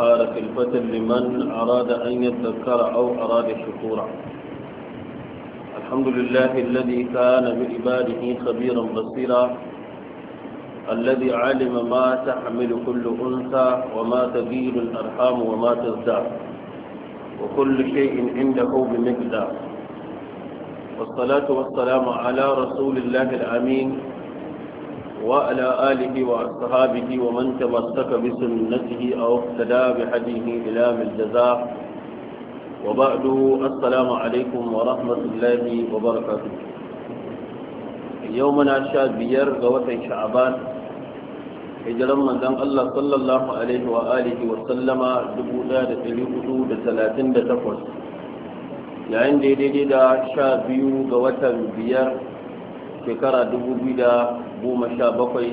حالة الفتن لمن أراد أن يتذكر أو أراد شكورا الحمد لله الذي كان بعباده خبيرا بصيرا الذي علم ما تحمل كل أنثى وما تبيل الأرحام وما تزداد وكل شيء عنده بمقدار والصلاة والسلام على رسول الله الأمين وعلى آله وأصحابه ومن تمسك بسنته أو اقتدى بهديه إلى الجزاء وبعد السلام عليكم ورحمة الله وبركاته يومنا شابير قوة شعبان hijiran manzon Allah sallallahu alaihi wa alihi wa sallama 1438 yayin da daidai da sha biyu ga watan biyar shekara bakwai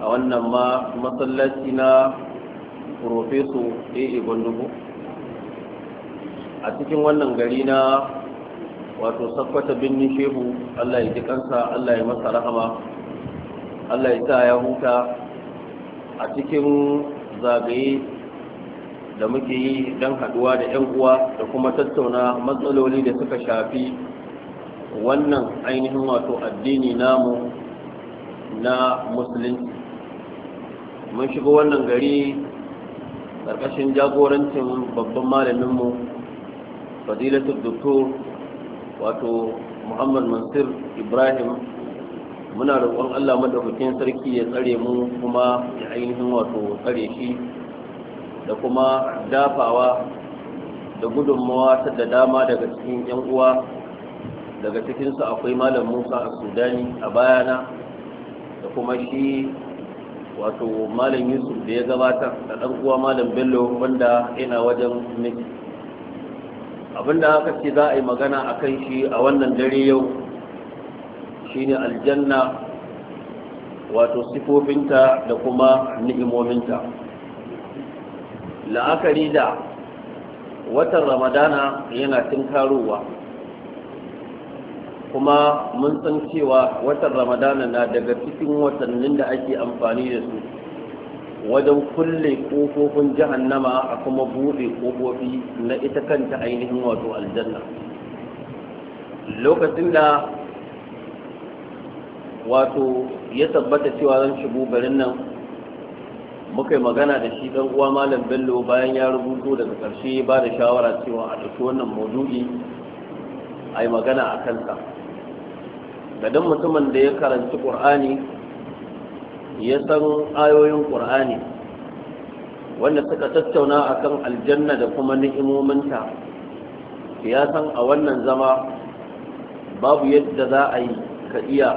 a wannan ma masallaci na profeso a gwandugu a cikin wannan gari na wato sakwata birnin shehu allah ya ji kansa allah ya masa rahama allah ya sa ya huta a cikin zagaye da muke yi don haduwa da 'yan uwa da kuma tattauna matsaloli da suka shafi wannan ainihin wato addini namu na musulunci mun shiga wannan gari ƙarƙashin jagorancin babban malaminmu fadilatul doktor wato muhammad mansur ibrahim muna roƙon allah madaukakin sarki ya tsare mu kuma ya ainihin wato tsare shi da kuma dafawa da gudunmawa ta da dama daga cikin 'yan uwa daga cikinsu akwai malam musa a sudani a bayana da kuma shi wato malam yusuf da ya gabatar da ɗan uwa malam bello wanda yana wajen miki abinda aka ce za a yi magana a kan shi a wannan dare yau shine aljanna wato sifofinta da kuma ni'imominta la'akari da watan ramadana yana tinkarowa kuma mun san cewa watan ramadana na daga cikin watannin da ake amfani da su wajen kulle ƙofofin jahannama a kuma buɗe kofofi na ita kanta ainihin wato aljanna lokacin da wato ya tabbata cewa zan shigo garin nan muka yi magana da shi ɗan uwa malam bello bayan ya rubuto daga ƙarshe ba da shawara cewa a ɗauki wannan maudu'i a yi magana a kansa ga dan mutumin da ya karanci qur'ani ya san ayoyin qur'ani wanda suka tattauna akan aljanna da kuma ni'imominta ya san a wannan zama babu yadda za a yi ka iya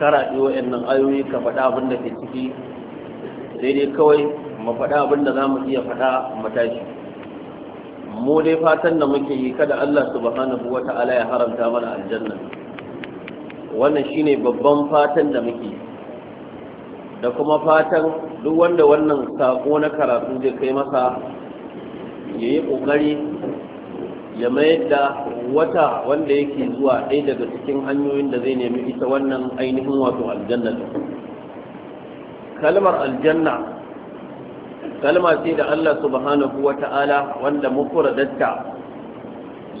karaɗe wa'annan ayoyi ka faɗa abin da ke ciki daidai kawai mu faɗa abin da za mu iya faɗa matashi mu dai fatan da muke yi kada Allah subhanahu Ta'ala ya haramta mana aljanna wannan shine babban fatan da muke da kuma fatan duk wanda wannan sako na karatu zai kai masa ya yi ƙoƙari ya mayar da wata wanda yake zuwa ɗaya daga cikin hanyoyin da zai nemi ita wannan ainihin wato aljanna kalmar aljanna kalma ce da Allah subhanahu wa ta'ala wanda datta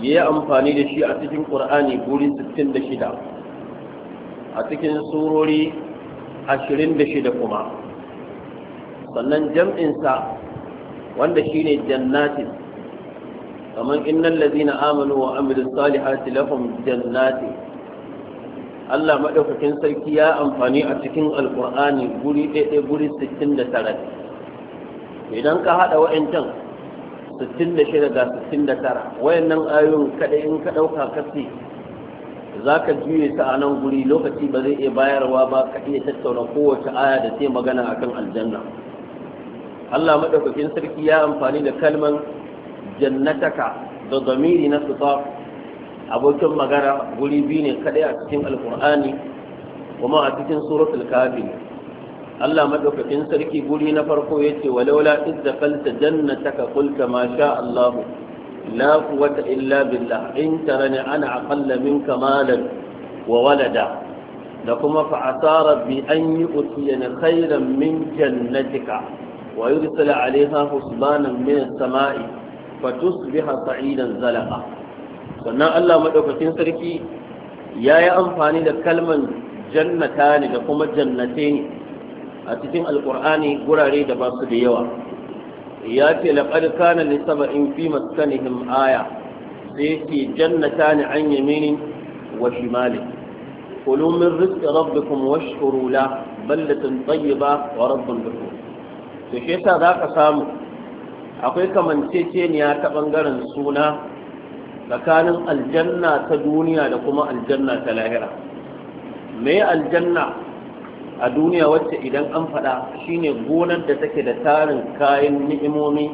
ya yi amfani da shi a cikin ƙur'ani guri 66 a cikin surori ashirin da shida kuma sannan jam'insa wanda shi ne jannatin kamar innan lazina amanu wa amilu salihati lahum Jannatin, Allah maɗaukakin sarki ya amfani a cikin alƙur'ani guri ɗaiɗai guri sittin da tara, idan ka haɗa sittin wa'ancan 66 ga tara, wayannan ayoyin kaɗai in ka ɗauka kasi za ka juye ta a nan guri lokaci ba zai iya bayarwa ba ka iya tattauna kowace aya da sai magana akan aljanna Allah maɗaukakin sarki ya amfani da kalman jannataka da zamiri na sufa abokin magana guri biyu ne kadai a cikin alkur'ani kuma a cikin suratul kafi Allah maɗaukakin sarki guri na farko yace walaula idza falta jannataka qulta ma sha Allahu la quwwata illa billah in tarani ana aqalla minka malan wa walada da kuma fa asara bi an yu'tiyana khayran min jannatika wa yursala 'alayha husbanan min as-sama'i fatusbiha sa'idan zalaqa sannan Allah madaukakin sarki yayi amfani da kalman jannata ne da kuma jannate ne a cikin alkur'ani gurare da basu da yawa ya ce laƙar kana ne saba'in fi maskanihim aya sai ce jannata ne an yamini wa shimali kulu min rizqi rabbikum washkuru la baldatun tayyiba wa rabbun ghafur to shi yasa zaka samu akwai kamanceceniya ta ɓangaren suna tsakanin aljanna ta duniya da kuma aljanna ta lahira me aljanna a duniya wacce idan an faɗa shine gonar da take da tarin kayan ni'imomi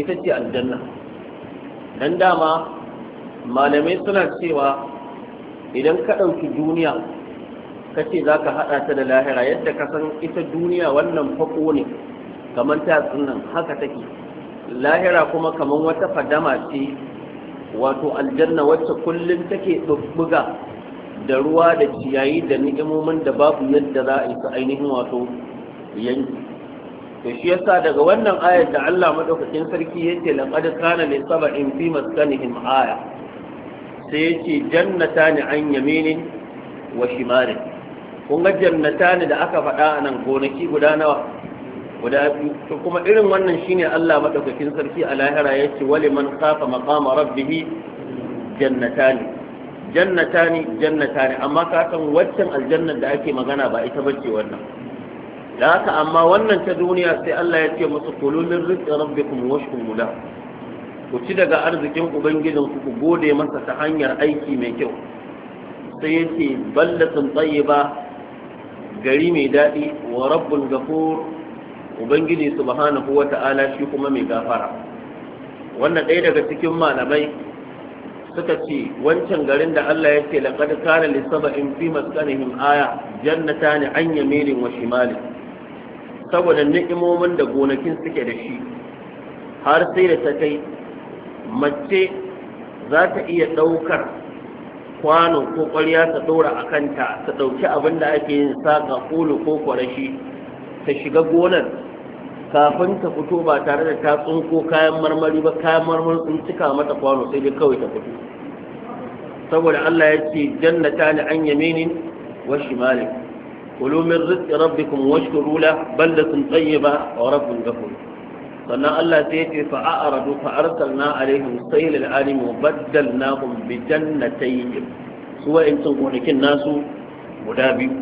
ita ce aljanna dan dama malamai suna cewa idan ka ɗauki duniya ka ce za ka haɗa ta da lahira yadda ka san ita duniya wannan faƙo ne kamar ta nan haka take lahira kuma kamar wata fadama ce wato aljanna wacce kullum take ɗubbuga da ruwa da ciyayi da ni'imomin da babu yadda za a yi su ainihin wato yanki to shi yasa daga wannan ayar da Allah madaukakin sarki yace laqad kana li sab'in fi maskanihim aya sai yace jannatani an yaminin wa shimalin kun ga jannatani da aka faɗa a nan gonaki guda nawa guda biyu to kuma irin wannan shine Allah madaukakin sarki a lahira yace waliman khafa maqama rabbih jannatani jannatani jannatani amma ka san waccan aljannar da ake magana ba ita bace wannan da haka amma wannan ta duniya sai Allah ya ce musu kulu min rizqi rabbikum washkuru la ku ci daga arzikin ubangijin ku ku gode masa ta hanyar aiki mai kyau sai ya ce ballatun tayyiba gari mai daɗi wa rabbul ghafur ubangiji subhanahu wata'ala shi kuma mai gafara wannan ɗaya daga cikin malamai suka ce wancan garin da Allah ya ce laqad kana li sab'in fi maskanihim aya jannatani an yaminin wa Shimali, saboda ni'imomin da gonakin suke da shi har sai da ta kai mace za ta iya ɗaukar kwano ko ƙwarya ta ɗora a kanta ta ɗauki abin da ake yin saƙa ƙulu ko kwarashi ta shiga gonar kafin ta fito ba tare da ta tsunko kayan marmari ba kayan marmarin sun cika mata kwano sai dai kawai ta fito saboda Allah ya ce jannata ni an yaminin wa shimali kulu min rizqi rabbikum washkuru la baldatun tayyiba wa rabbun ghafur sannan Allah sai ya ce fa a'radu fa arsalna alaihim sayl al'alim wa baddalnahum bi jannatayn su in wa'insun gonakin nasu guda biyu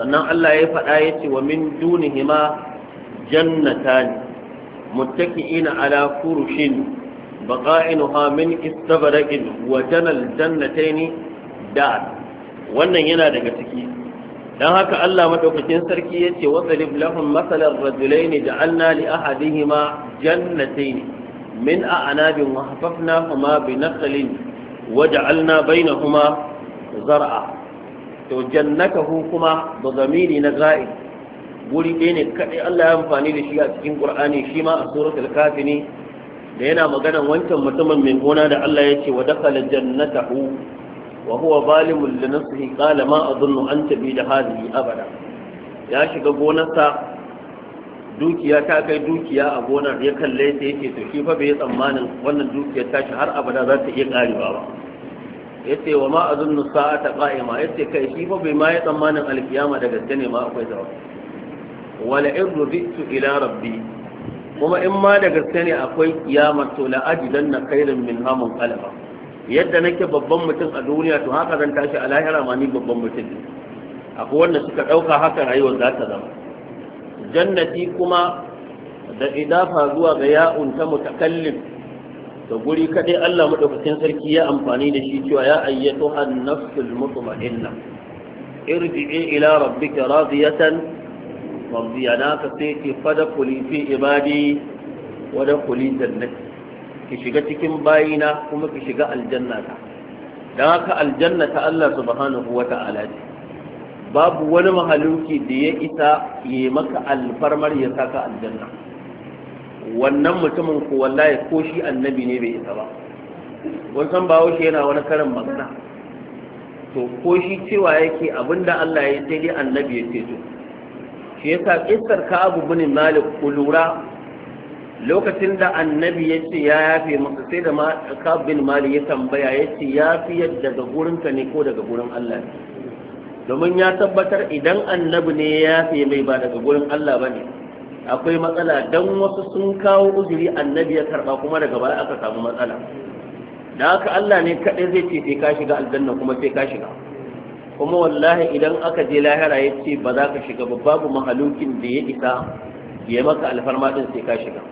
sannan Allah ya faɗa ya ce wa min dunihima jannatan muttaki'ina ala furushin baqa'inuha min istabraqin wa janal jannatayn wannan yana daga ciki dan haka Allah madaukakin sarki yace wa zalib lahum masalan rajulain ja'alna li ahadihima jannatayn min a'nabin wa kuma bi nakhlin wa ja'alna kuma zar'a to hu kuma ba zamiri na za'i. guri ɗaya ne kaɗai Allah ya amfani da shi a cikin Kur'ani. shi ma a suratul kafi ne da yana magana wancan mutumin mai gona da Allah ya ce wa dakhala jannatahu wa huwa zalimun li nafsihi qala ma adunnu an da hadhihi abada ya shiga gonarsa dukiya ta kai dukiya a gonar ya kalle ta yake to shi fa bai tsammanin wannan dukiyar ta shi har abada za ta iya karewa ba yace wa ma adunnu sa'ata qa'ima yace kai shi fa bai ma ya tsammanin alkiyama da gaske ne ma akwai zawa wala in rubitu ila rabbi kuma in ma da gaske ne akwai kiyama to la ajidan na kai min hamun qalaba yadda nake babban mutum a duniya to haka zan tashi a lahira ma ni babban mutum ne akwai wanda suka ɗauka haka rayuwa za ta zama jannati kuma da idafa zuwa ga ya'un ta mutakallim da guri kadai Allah madaukakin sarki ya amfani da shi cewa ya ayyatu an-nafsul mutma'inna irji'i ila rabbika radiyatan mardiya na ka sai ki fada kuli fi ibadi wa da kuli jannati ki shiga cikin bayina kuma ki shiga aljannata Don haka aljannata Allah subhanahu wa ta'ala ce babu wani mahaluki da ya isa ya maka alfarmar ya saka aljanna wannan mutumin ku wallahi ko shi annabi ne bai isa ba wani san bawo shi yana wani karin magana to ko shi cewa yake abinda Allah ya sai dai annabi ya ce to shi yasa kissar Ka'ab ibn Malik kulura lokacin da annabi ya ce ya yafe maka sai da Ka'ab bin Malik ya tambaya ya ce ya yafiyar daga ka ne ko daga gurin Allah ne domin ya tabbatar idan annabi ne ya yafe mai ba daga gurin Allah bane akwai matsala dan wasu sun kawo uzuri annabi ya karba kuma daga baya aka samu matsala da haka Allah ne kaɗai zai ce sai ka shiga aljanna kuma sai ka shiga kuma wallahi idan aka je lahira ya ce ba za ka shiga ba babu mahalukin da ya isa ya maka alfarma din sai ka shiga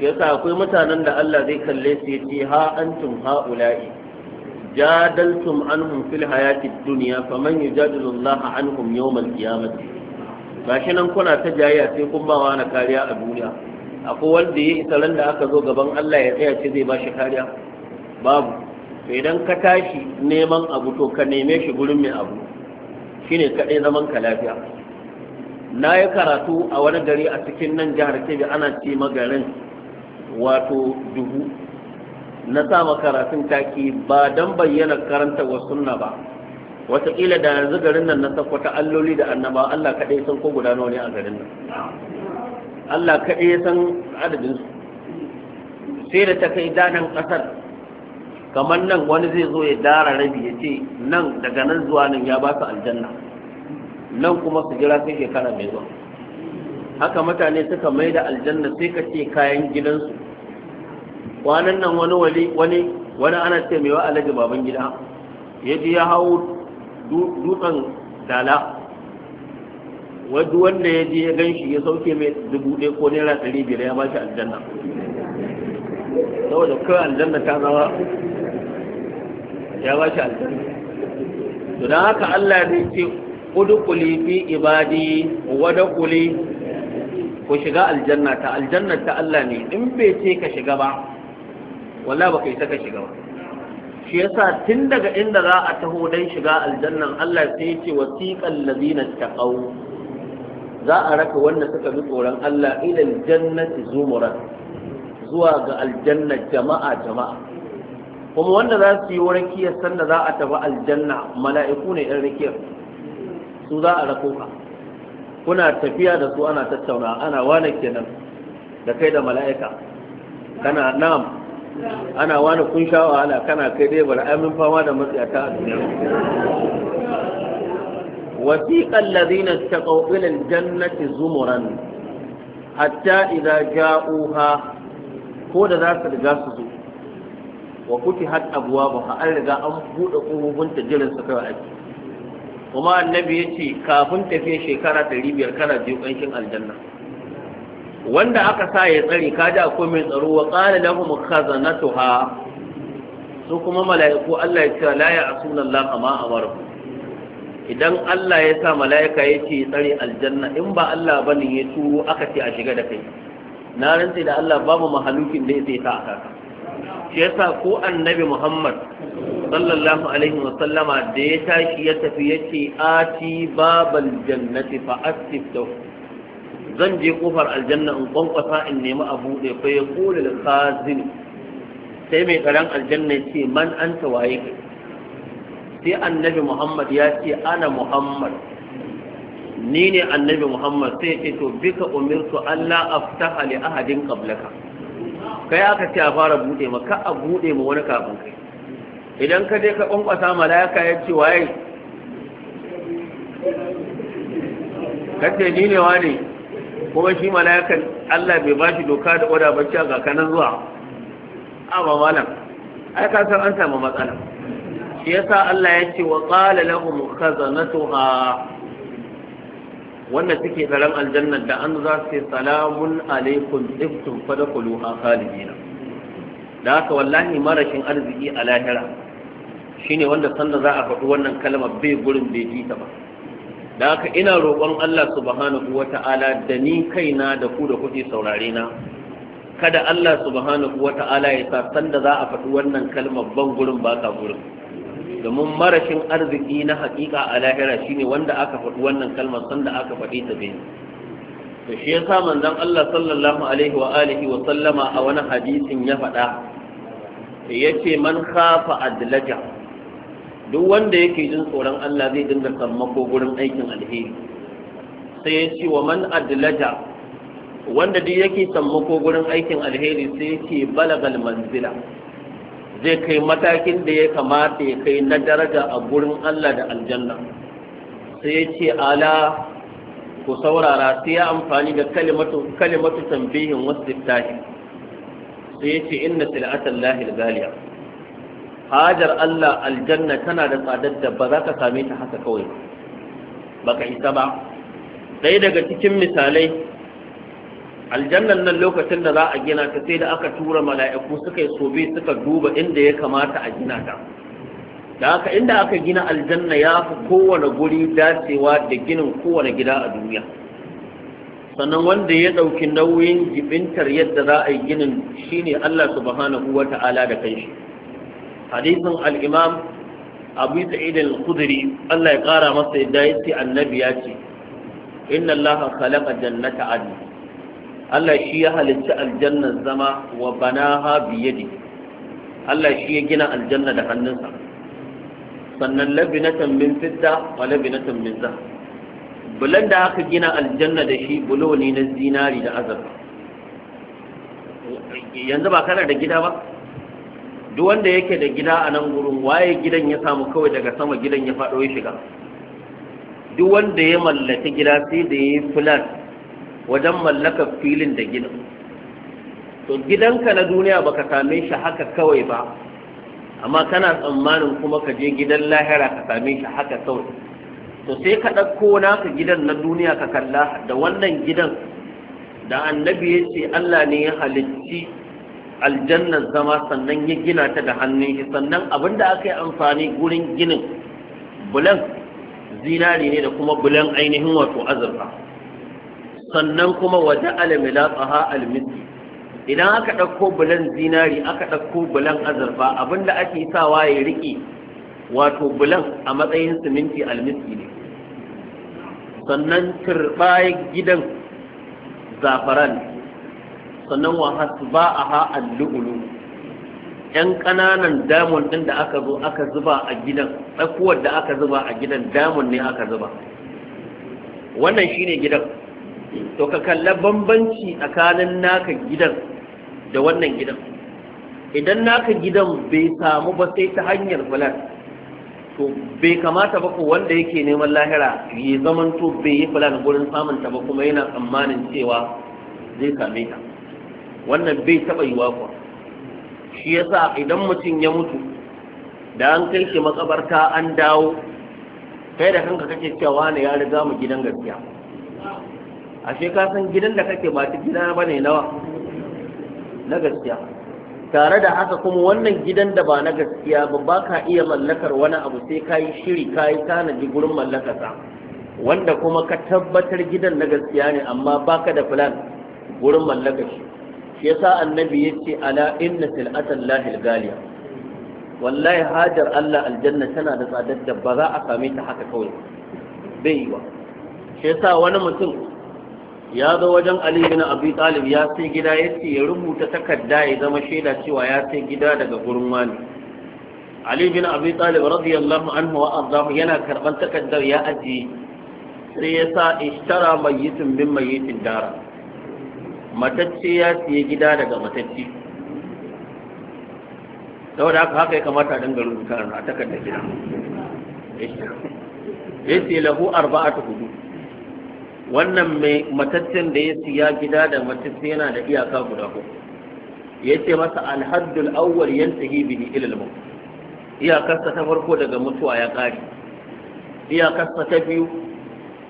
yasa akwai mutanen da Allah zai kalle su ya ce ha antum haula'i jadaltum anhum fil hayati dunya faman yujadilu Allah anhum yawm al-qiyamah gashi nan kuna ta jayya sai kun ba na kariya a duniya akwai wanda ya isa ran da aka zo gaban Allah ya tsaya ce zai ba shi kariya babu to idan ka tashi neman abu to ka neme shi gurin mai abu shine kaɗai zaman ka lafiya na yi karatu a wani gari a cikin nan jihar Kebe ana ce magarin wato dubu na sama karatun taki ba don bayyana karanta wa sunna ba wataƙila da yanzu garin nan na sakwata alloli da annaba allah kaɗai san ko guda nawa ne a garin nan allah kaɗai san adadinsu sai da ta kai danan ƙasar kamar nan wani zai zo ya dara rabi ya ce nan daga nan zuwa nan ya baka aljanna nan kuma su jira sai shekara mai zuwa haka mutane suka mai da aljanna sai ka ce kayan gidansu kwanan nan wani wali wani wani ana ce mai wa alaji baban gida ya ji ya hau dutsen dala wadu wanda ya je ya gan shi ya sauke mai dubu ɗaya ko naira ɗari biyar ya ba shi aljanna saboda kawai aljanna ta zama ya ba shi aljanna to haka Allah zai ce kuli fi ibadi wa kuli, ku shiga aljanna ta aljanna ta Allah ne in bai ce ka shiga ba wallahi baka isa ka shiga ba shi yasa tun daga inda za a taho dan shiga aljannan Allah sai ya ce wasiqal ladina taqaw za a raka wannan suka bi tsoron Allah ila aljannati zumuran zuwa ga aljanna jama'a jama'a kuma wanda za su yi rakiyar sanda za a tafi aljanna mala'iku ne yan rakiyar su za a rako ka kuna tafiya da su ana tattauna ana wane kenan da kai da mala'ika kana nam ana wani kun sha wahala kana kai dai bari amin fama da matsiyata a duniya wasiqal ladina taqaw ila aljannati zumuran hatta idza ja'uha ko da za su riga su zo wa futihat abwabuha an riga an buɗe kofofin ta jiran su kai aiki kuma annabi yace kafin tafiya shekara biyar kana je ƙanshin aljanna wanda aka sa ya tsare kaji akwai mai tsaro wa kaza na tuha? su kuma mala'iku Allah ya ce la ya asuna Allah ma amaru idan Allah ya sa mala'ika ya ce tsare aljanna in ba Allah bane ya turo aka ce a shiga da kai na rantse da Allah babu mahalukin da ya sai ta aka shi yasa ko annabi Muhammad sallallahu alaihi wa sallama da ya tashi ya tafi ya yace ati babal jannati fa astiftu zan je kofar aljanna in kwankwasa in nemi a buɗe fa ya kula da khazin sai mai karan aljanna ya ce man an waye ka sai annabi Muhammad ya ce ana Muhammad ni ne annabi Muhammad sai ya ce to bika umirtu Allah aftaha li ahadin qablaka kai aka ce a fara bude ma ka a bude ma wani kafin kai idan ka je ka kwankwasa mala'ika ya ce waye ka ce ni ne wane kuma shi mala'ikan Allah bai ba shi doka da oda bacci ga kanan zuwa a ba malam ai ka san an samu matsala shi yasa Allah ya ce wa qala lahum khazanatuha wanda suke tsaron aljannar da an za su salamun alaikum tsiftun kulu a khalidina da haka wallahi marashin arziki a lahira shine wanda sanda za a faɗi wannan kalma bai gurin bai ji ta ba da haka ina roƙon Allah subhanahu wata'ala da ni kaina da ku da kuke saurare na kada Allah subhanahu wata'ala ya sa sanda za a faɗi wannan kalma ban gurin ba ka gurin domin marashin arziki na hakika a lahira shine wanda aka faɗi wannan kalmar sanda aka faɗi ta bai to shi yasa manzon Allah sallallahu alaihi wa alihi wa sallama a wani hadisin ya faɗa yace man khafa adlaja duk wanda yake jin tsoron Allah zai dinga sammako gurin aikin alheri sai ya ce wa man adlaja wanda duk yake sammako gurin aikin alheri sai ce balagal manzila zai kai matakin da ya kamata ya kai na daraja a gurin Allah da aljanna sai ya ce ala ku saurara sai ya amfani da kalimatu kalimatu wasu littafi. sai ya ce inna sil'atan lahil galiya hajar Allah aljanna tana da tsadar da ba za ka same ta haka kawai ba ka isa ba ɗaya daga cikin misalai aljannan nan lokacin da za a gina ta sai da aka tura mala'iku suka yi sobe suka duba inda ya kamata a gina ta da haka inda aka gina aljanna ya fi kowane guri dacewa da ginin kowane gida a duniya sannan wanda ya ɗauki nauyin jibintar yadda za a yi ginin shine Allah subhanahu wa ta'ala da kanshi hadisin alimam abu sa'id al Allah ya kara masa yadda yace annabi ya ce inna Allah khalaqa jannata adn Allah shi ya halicci aljannar zama wa banaha biyadi Allah shi ya gina aljanna da hannunsa sannan labinatan min fidda wa labinatan min zah bulan da aka gina aljanna da shi bulo ne na zinari da azurfa yanzu ba kana da gida ba duk wanda yake da gida a nan gurin waye gidan ya samu kawai daga sama gidan ya faɗo ya shiga duk wanda ya mallaki gida sai da ya yi flat wajen mallaka filin da gidan to gidanka na duniya baka same shi haka kawai ba amma kana tsammanin kuma ka je gidan lahira ka same shi haka kawai to sai ka ɗauko naka gidan na duniya ka kalla da wannan gidan da annabi ya ce Allah ne ya halicci aljannar zama sannan ya gina ta da hannun shi sannan abin da aka yi amfani gurin ginin bulan zinari ne da kuma bulan ainihin wato azurfa sannan kuma waje alamila tsaha almisi idan aka ɗauko bulan zinari aka ɗauko bulan azurfa abinda ake sawa ya riƙe wato bulan a matsayin siminti almiti ne sannan turɓayen gidan zafaran sannan wa hasba a ha'an ‘yan ƙananan damon ɗin da aka zo aka zuba a gidan ɗakuwar da aka zuba a gidan damon ne aka zuba wannan shine gidan to ka kalla bambanci tsakanin naka gidan da wannan gidan idan naka gidan bai samu ba sai ta hanyar fulan to bai kamata ba ko wanda yake neman lahira ya zaman to bai yi fulan gurin samun ta ba kuma yana tsammanin cewa zai same ta wannan bai taɓa yiwa kuwa shi yasa idan mutum ya mutu da an kai shi makabarta an dawo kai da kanka kake cewa ne ya riga mu gidan gaskiya ashe ka san gidan da kake ba gida ba ne nawa na gaskiya tare da haka kuma wannan gidan da ba na gaskiya ba ba ka iya mallakar wani abu sai ka yi shiri ka yi tanadi gurin mallakasa, wanda kuma ka tabbatar gidan na gaskiya ne amma ba ka da filan gurin mallakashi. shi shi yasa annabi ya ce ala inna sil'atan lahil galiya wallahi hajar Allah aljanna tana da tsadar da ba za a same ta haka kawai bai yi ba shi yasa wani mutum ya zo wajen Ali bin Abi Talib ya sai gida ya ya rubuta takarda ya zama shaida cewa ya sai gida daga gurin wani Ali bin Abi Talib radiyallahu anhu wa ardahu yana karban takardar ya ajiye sai ya sa ishtara mayyitin bin mayyitin dara matacce ya siye gida daga matacce saboda haka haka ya kamata a dinga rubuta a takardar gida ya ce lahu arba'atu hudu wannan mai mataccen da ya siya gida da matacce yana da iyaka guda ko ya ce masa alhaddul awwal yantahi bihi ila maut iyakarsa ta farko daga mutuwa ya kare iyakarsa ta biyu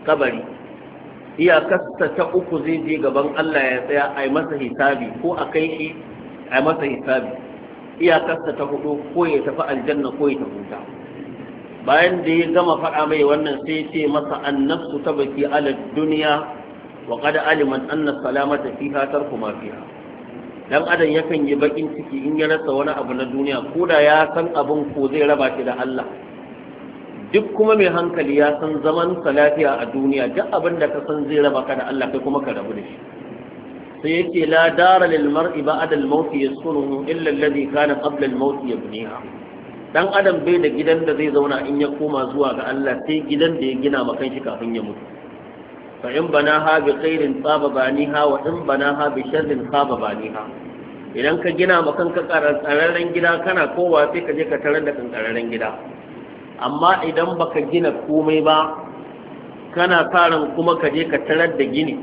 kabari iyakarsa ta uku zai je gaban Allah ya tsaya a masa hisabi ko a kai shi a masa hisabi iyakarsa ta hudu ko ya tafi aljanna ko ya tafi bayan da ya gama faɗa mai wannan sai ce masa annafsu ta baki ala duniya wa qad aliman anna salamata fiha tarku ma ha. dan adam yakan yi bakin ciki in ya rasa wani abu na duniya ko da ya san abin ko zai raba shi da Allah duk kuma mai hankali ya san zaman sa lafiya a duniya duk abin da ka san zai raba ka da Allah kai kuma ka rabu da shi sai yake la dara lil mar'i ba'da al-maut yaskunuhu illa alladhi kana qabla al-maut yabniha dan adam bai da gidan da zai zauna in ya koma zuwa ga Allah sai gidan da ya gina ma kanshi kafin ya mutu fa in bana ha bi khairin tsaba baniha wa in bana ha bi sharrin tsaba baniha idan ka gina ma kanka kararren gida kana kowa sai ka je ka tarar da kankararren gida amma idan baka gina komai ba kana faran kuma ka je ka tarar da gini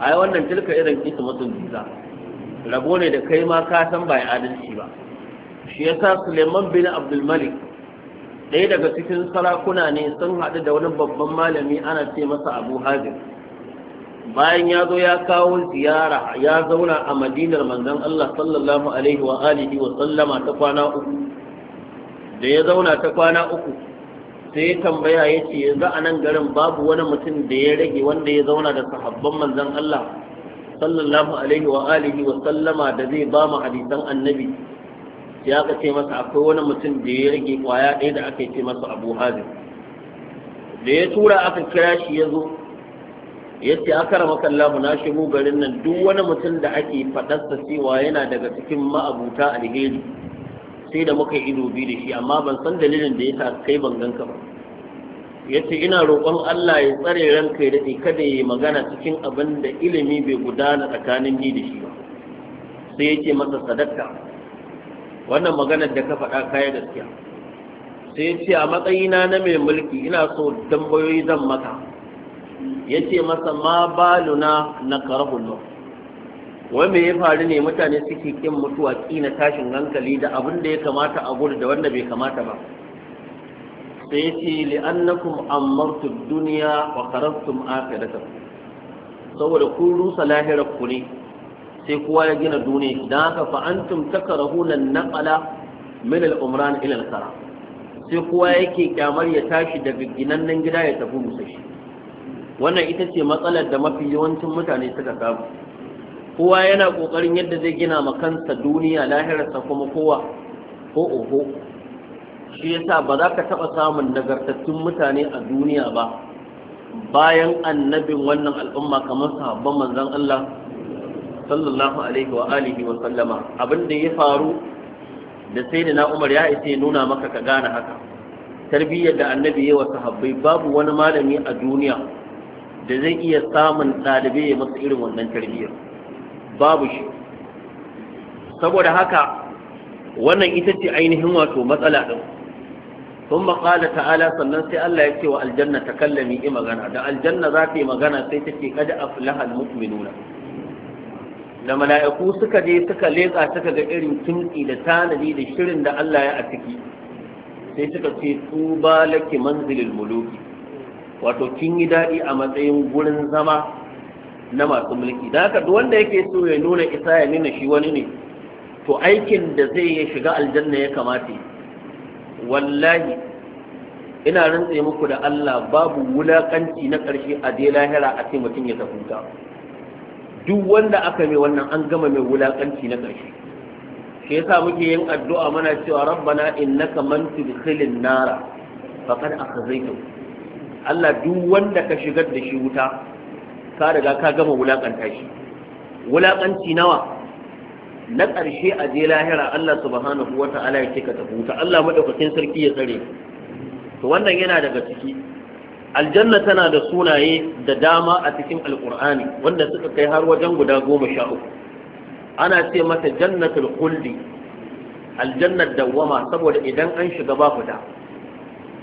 ai wannan tilka irin mutum jiza rabo ne da kai ma ka san bai adalci ba shi yasa Suleiman bin Abdulmalik, ɗaya daga cikin sarakuna ne sun haɗu da wani babban malami ana ce masa Abu hajji bayan ya zo ya kawo ziyara ya zauna a madinar manzan Allah sallallahu alaihi wa alihi wa sallama ta kwana uku da ya zauna ta kwana uku sai ya tambaya ya ce yanzu a nan garin babu wani mutum da ya rage wanda ya zauna da sahabban manzan Allah sallallahu alaihi wa alihi wa sallama da zai ba mu hadisan annabi ya ka ce masa akwai wani mutum da ya rage kwaya ɗaya da aka ce masa abu hazin da ya tura aka kira shi ya zo ya ce aka rama Labu na shigo garin nan duk wani mutum da ake faɗarsa cewa yana daga cikin ma'abuta alheri sai da muka ido dubi da shi amma ban san dalilin da ya sa kai ban ganka ba ya ce ina roƙon Allah ya tsare ranka ya daɗe kada ya yi magana cikin abin da ilimi bai gudana tsakanin ni da shi ba sai ya ce masa sadaka wannan maganar da ka faɗa kayan gaskiya sai ce a matsayina na mai mulki ina so tambayoyi zan maka ya ce masa ma baluna na karahullo wai mai ya faru ne mutane suke ƙin mutuwa kina tashin hankali da abin da ya kamata a gudu da wanda bai kamata ba sai ya ce li'annakum ammartu duniya wa karastum akhiratakum saboda kun rusa lahirar ku ne sai kowa ya gina duniya don haka fa antum takrahuna naqala min al-umran ila al-sara sai kowa yake kyamar ya tashi daga ginannen gida ya tafi musashi wannan ita ce matsalar da mafi yawancin mutane suka samu kowa yana kokarin yadda zai gina makansa kansa duniya lahirarsa kuma kowa ko oho shi yasa ba za ka taɓa samun nagartattun mutane a duniya ba bayan annabin wannan al'umma kamar sahabban manzon Allah sallallahu alaihi wa alihi wa sallama abin da ya faru da na Umar ya isa nuna maka ka gane haka tarbiyyar da annabi ya wa sahabbai babu wani malami a duniya da zai iya samun ɗalibai ya masa irin wannan tarbiyyar babu shi saboda haka wannan ita ce ainihin wato matsala ɗin sun maƙala ta'ala sannan sai Allah ya ce wa aljanna ta kallami magana da aljanna za ta yi magana sai ta ce kada aflahal mu'minuna da mala'iku suka je suka leƙa suka ga irin kintsi da tanadi da shirin da Allah ya a ciki sai suka ce tuba lake manzilin muluki wato kin yi daɗi a matsayin gurin zama na masu mulki da haka wanda yake so ya nuna isa ya nuna shi wani ne to aikin da zai ya shiga aljanna ya kamata wallahi ina rantse muku da Allah babu wulakanci na ƙarshe a je lahira a ce mutum ya tafuta duk wanda aka mai wannan an gama mai wulakanci na ƙarshe shi yasa muke yin addu'a mana cewa rabbana innaka man tudkhilin nara faqad akhzaytu Allah duk wanda ka shigar da shi wuta ka riga ka gama wulakanta shi wulakanci nawa na ƙarshe a je lahira Allah subhanahu wata'ala ya ce ka tafi wuta Allah madaukakin sarki ya tsare to wannan yana daga ciki aljanna tana da sunaye da dama a cikin alkur'ani wanda suka kai har wajen guda goma sha uku ana ce mata jannatul khuldi aljannar dawwama saboda idan an shiga ba fita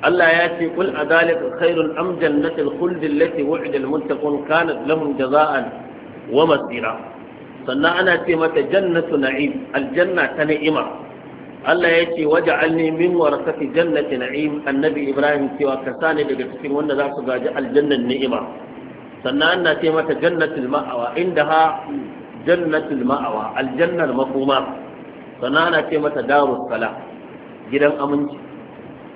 Allah ya ce kul adalika khairun am jannatul khuldi allati wu'ida almuttaqun kanat lahum jaza'an wa masira sannan ana ce mata jannatu na'im aljanna ta ni'ima Allah ya ce waje alni min warasati jannati na'im annabi Ibrahim cewa ka sani daga cikin wanda za su gaji aljannan ni'ima sannan ana ce mata jannatul ma'awa inda ha jannatul ma'awa aljannar makoma sannan ana ce mata darus sala gidan aminci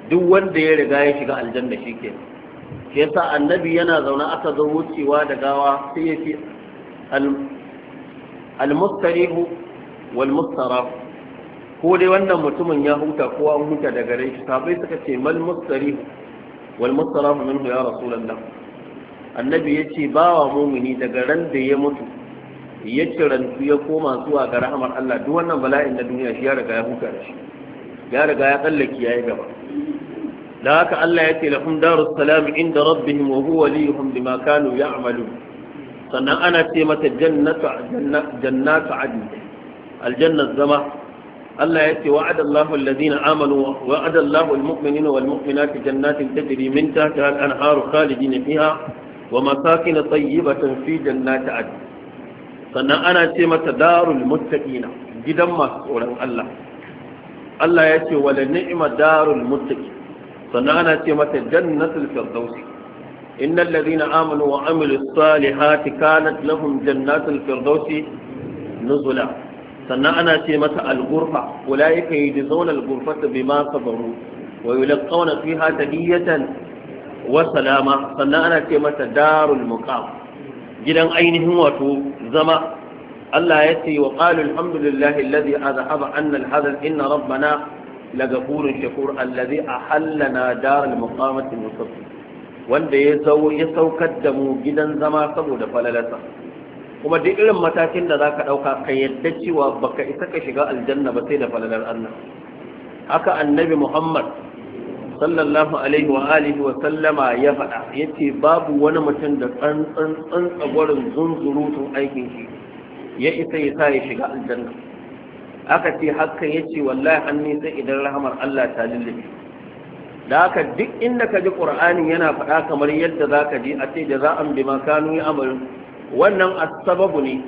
duk wanda ya riga ya shiga aljanna shike ke sa annabi yana zaune aka zo wucewa da gawa sai ya ce al mustarihu wal mustarafu ko dai wannan mutumin ya huta ko an huta daga rai shi sabai suka ce mal mustari wal mustarafu minhu ya rasulullah annabi yace bawa mumini daga ran da ya mutu ya cirantu ya koma zuwa ga rahamar Allah duk wannan bala'in na duniya shi ya riga ya huta da shi ya riga ya tsallaki yayi gaba da haka Allah ya ce lahum darus salam inda rabbihim wa huwa waliyuhum bima kanu ya'malun sannan ana ce mata jannatu jannatu adn aljanna zama الله يأتي وعد الله الذين آمنوا وعد ta المؤمنين والمؤمنات جنات na من تحتها الأنهار خالدين فيها ومساكن طيبة fi جنات عدن sannan ana ce mata darul muttaqina gidan masu tsoron Allah Allah ya ce wala ni'ma darul muttaqi sannan ana ce mata jannatul firdausi innal ladina amanu wa amilu salihati kanat lahum jannatul firdausi nuzula sannan ana ce masa al-ghurfa da yujzauna al-ghurfata bima sabaru wa yulqawna fiha tadiyatan wa salama sannan ana ce masa darul muqam gidan ainihin wato zama Allah ya ce wa qalu alhamdulillahi alladhi azhaba anna al-hazan inna rabbana lagafurun shakur alladhi ahallana darul muqamati musaffir wanda ya zo ya saukar da mu gidan zama saboda falalasa. kuma duk irin matakin da ka ɗauka ka yadda cewa baka isa ka shiga aljanna ba sai da falalar Allah haka annabi Muhammad sallallahu alaihi wa alihi wa sallama ya faɗa yace babu wani mutum da tsantsan tsantsagwarin zunzurutun aikin shi ya isa ya sa ya shiga aljanna aka ce haka yace wallahi an nisa idan rahmar Allah ta lullube da haka duk inda ka ji qur'ani yana faɗa kamar yadda zaka ji a ce jaza'an bima kanu ya'malun wannan asababu ne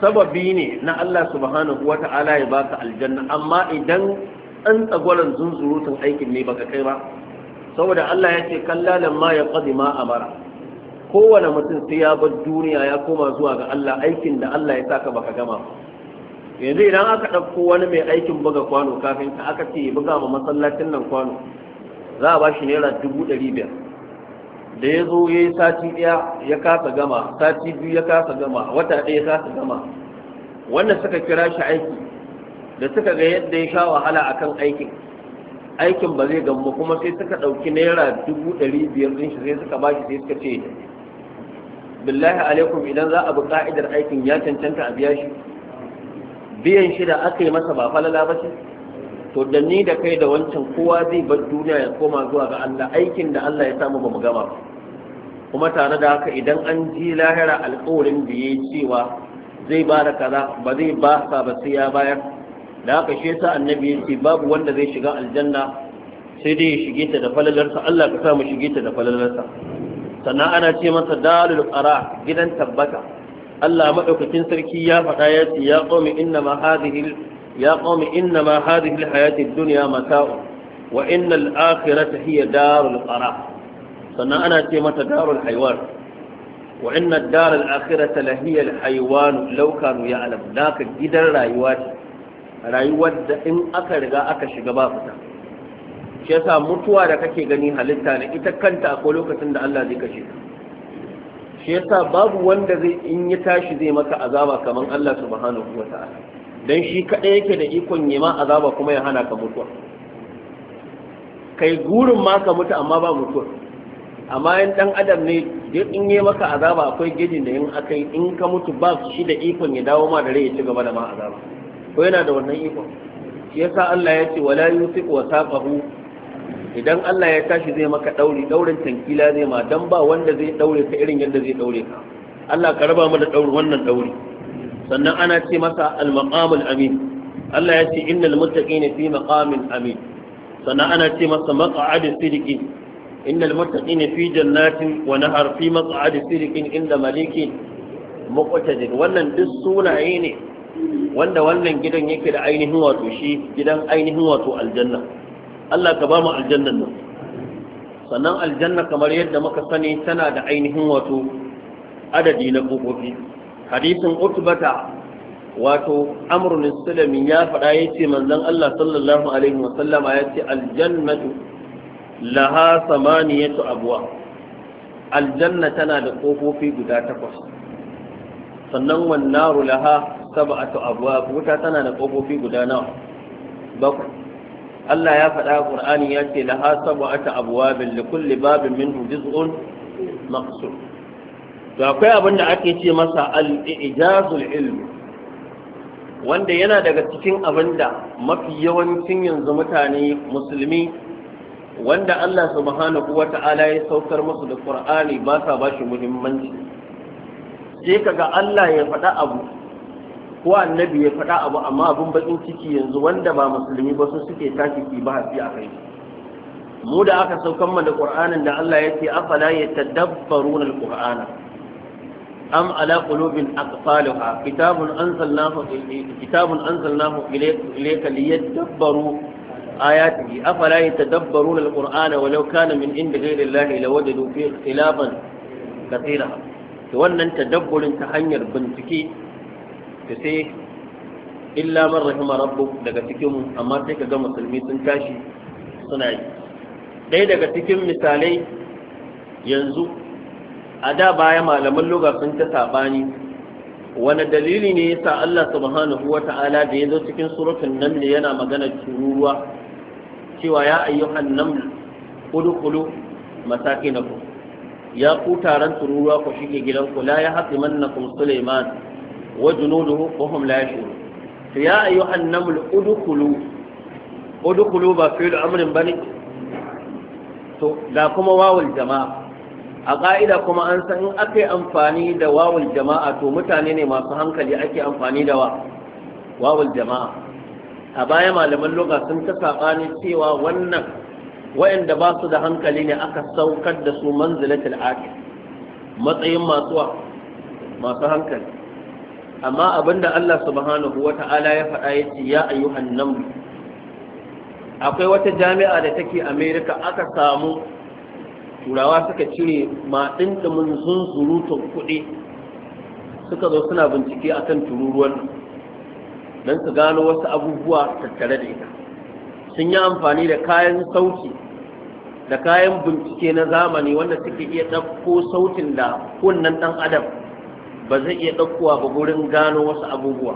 sababi ne na Allah subhanahu Wata'ala ya baka aljanna amma idan an tsagwaron zunzurutun aikin ne baka kai ba saboda Allah ya ce kallalan ma ya qadi ma amara kowane mutum sai ya bar duniya ya koma zuwa ga Allah aikin da Allah ya saka baka gama yanzu idan aka ɗauko wani mai aikin buga kwano kafin ta aka ce buga ma masallacin nan kwano za a ba shi naira dubu ɗari biyar da ya zo ya yi sati ɗaya ya kasa gama sati biyu ya kasa gama wata ɗaya ya kasa gama wanda suka kira shi aiki da suka ga yadda ya sha wahala akan aikin aikin ba zai gamu kuma sai suka ɗauki naira dubu ɗari biyar ɗin shi sai suka bashi sai suka ce billahi alaikum idan za a bi ka'idar aikin ya cancanta a biya shi biyan shi da aka yi masa ba falala ba ce to da ni da kai da wancan kowa zai bar duniya ya koma zuwa ga Allah aikin da Allah ya samu ba mu gama ba kuma tare da haka idan an ji lahira alƙawarin da ya cewa zai ba da kaza ba zai ba sa ba sai ya bayar da haka shi yasa annabi ya ce babu wanda zai shiga aljanna sai dai ya shige ta da falalarsa Allah ka sa mu shige ta da falalarsa sannan ana ce masa dalil qara gidan tabbata Allah madaukakin sarki ya faɗa ya ce ya qaumi inna ma hadhihi ya qaumi innama hadhihi alhayati ad-dunya mata'u wa innal akhirata hiya darul qarar sannan ana ce mata darul haiwan wa inna dar al-akhirata la hiya al-haywan law gidan rayuwa da in aka riga aka shiga ba fita mutuwa da kake gani halitta ne ita kanta akwai lokacin da Allah zai ka babu wanda in ya tashi zai maka azaba kamar Allah subhanahu don shi kaɗai yake da ikon nema azaba kuma ya hana ka mutuwa kai gurin ma ka mutu amma ba mutuwa amma yin ɗan adam ne in yi maka azaba akwai gejin da yin akai, in ka mutu ba shi da ikon ya dawo ma da rai ya ci gaba da ma azaba ko yana da wannan ikon shi yasa Allah ya ce wala yusiq wa saqahu idan Allah ya tashi zai maka dauri daurin tankila zai ma dan ba wanda zai daure ka irin yadda zai daure ka Allah ka raba mu da daurin wannan daurin sannan ana ce masa al-maqamul amin Allah ya ce innal muttaqina fi maqamin amin sannan ana ce masa maq'adu sidqi innal muttaqina fi jannatin wa nahar fi maq'adi sidqin inda Maliki. muqtadir wannan duk sunaye ne wanda wannan gidan yake da ainihin wato shi gidan ainihin wato aljanna Allah ka ba mu aljannan nan sannan aljanna kamar yadda muka sani tana da ainihin wato adadi na kokofi hadisin utbata wato amrun sulami ya faɗa ya ce manzon Allah sallallahu alaihi wasallama ya ce aljannatu laha samaniyatu abwa aljanna tana da kofofi guda takwas sannan wannan laha sab'atu abwa wuta tana da kofofi guda nawa bakwai Allah ya faɗa Qur'ani ya ce laha sab'atu abwabin li kulli babin minhu juz'un maqsur to akwai abin da ake ce masa al-ijazul ilmi wanda yana daga cikin abin da mafi yawancin yanzu mutane musulmi wanda Allah subhanahu wata'ala ya saukar musu da Qur'ani ba sa ba shi muhimmanci sai kaga Allah ya faɗa abu ko annabi ya faɗa abu amma abin bakin ciki yanzu wanda ba musulmi ba su suke tashi ki ba hafi a kai mu da aka saukar mu da Qur'anin da Allah yake afala yatadabbaruna al-Qur'ana am ala qulubin aqfaluha kitabun anzalnahu kitabun anzalnahu ilayka liyadabbaru ayatihi afala yatadabbaruna alqur'ana walau kana min indi ghayri allahi lawajadu fi ikhtilafan kathira to wannan tadabburin ta hanyar bincike to sai illa man rahima rabbuk daga cikinmu amma sai kaga musulmi sun tashi suna yi daga cikin misalai yanzu a da baya malaman luga sun ta sabani wani dalili ne yasa Allah subhanahu Ta'ala da ya zo cikin suratul naml yana magana tururuwa cewa ya ayyuhan naml udkhulu masakinakum ya ku taron tururuwa ku shige ku. la ya hatimannakum sulaiman wa junuduhu wa hum la yashurun to ya ayyuhan naml udkhulu udkhulu ba fi'l amrin bane to ga kuma wawul jama'a a ƙa'ida kuma an san in aka yi amfani da wawul jama'a to mutane ne masu hankali ake amfani da wawul jama'a a baya malaman loga sun ta saɓani cewa wannan wa'anda ba su da hankali ne aka saukar da su manzilatul aqil matsayin masu masu hankali amma abinda Allah subhanahu wata'ala ya faɗa ya ce ya ayyuhan nan akwai wata jami'a da take America aka samu turawa suka cire ma sun zunzurutun kuɗi suka zo suna bincike a kan tururuwan don su gano wasu abubuwa tattare da ita sun yi amfani da kayan sauti da kayan bincike na zamani wanda suke iya ɗauko sautin da kunnan ɗan adam ba zai iya ɗaukowa ba gurin gano wasu abubuwa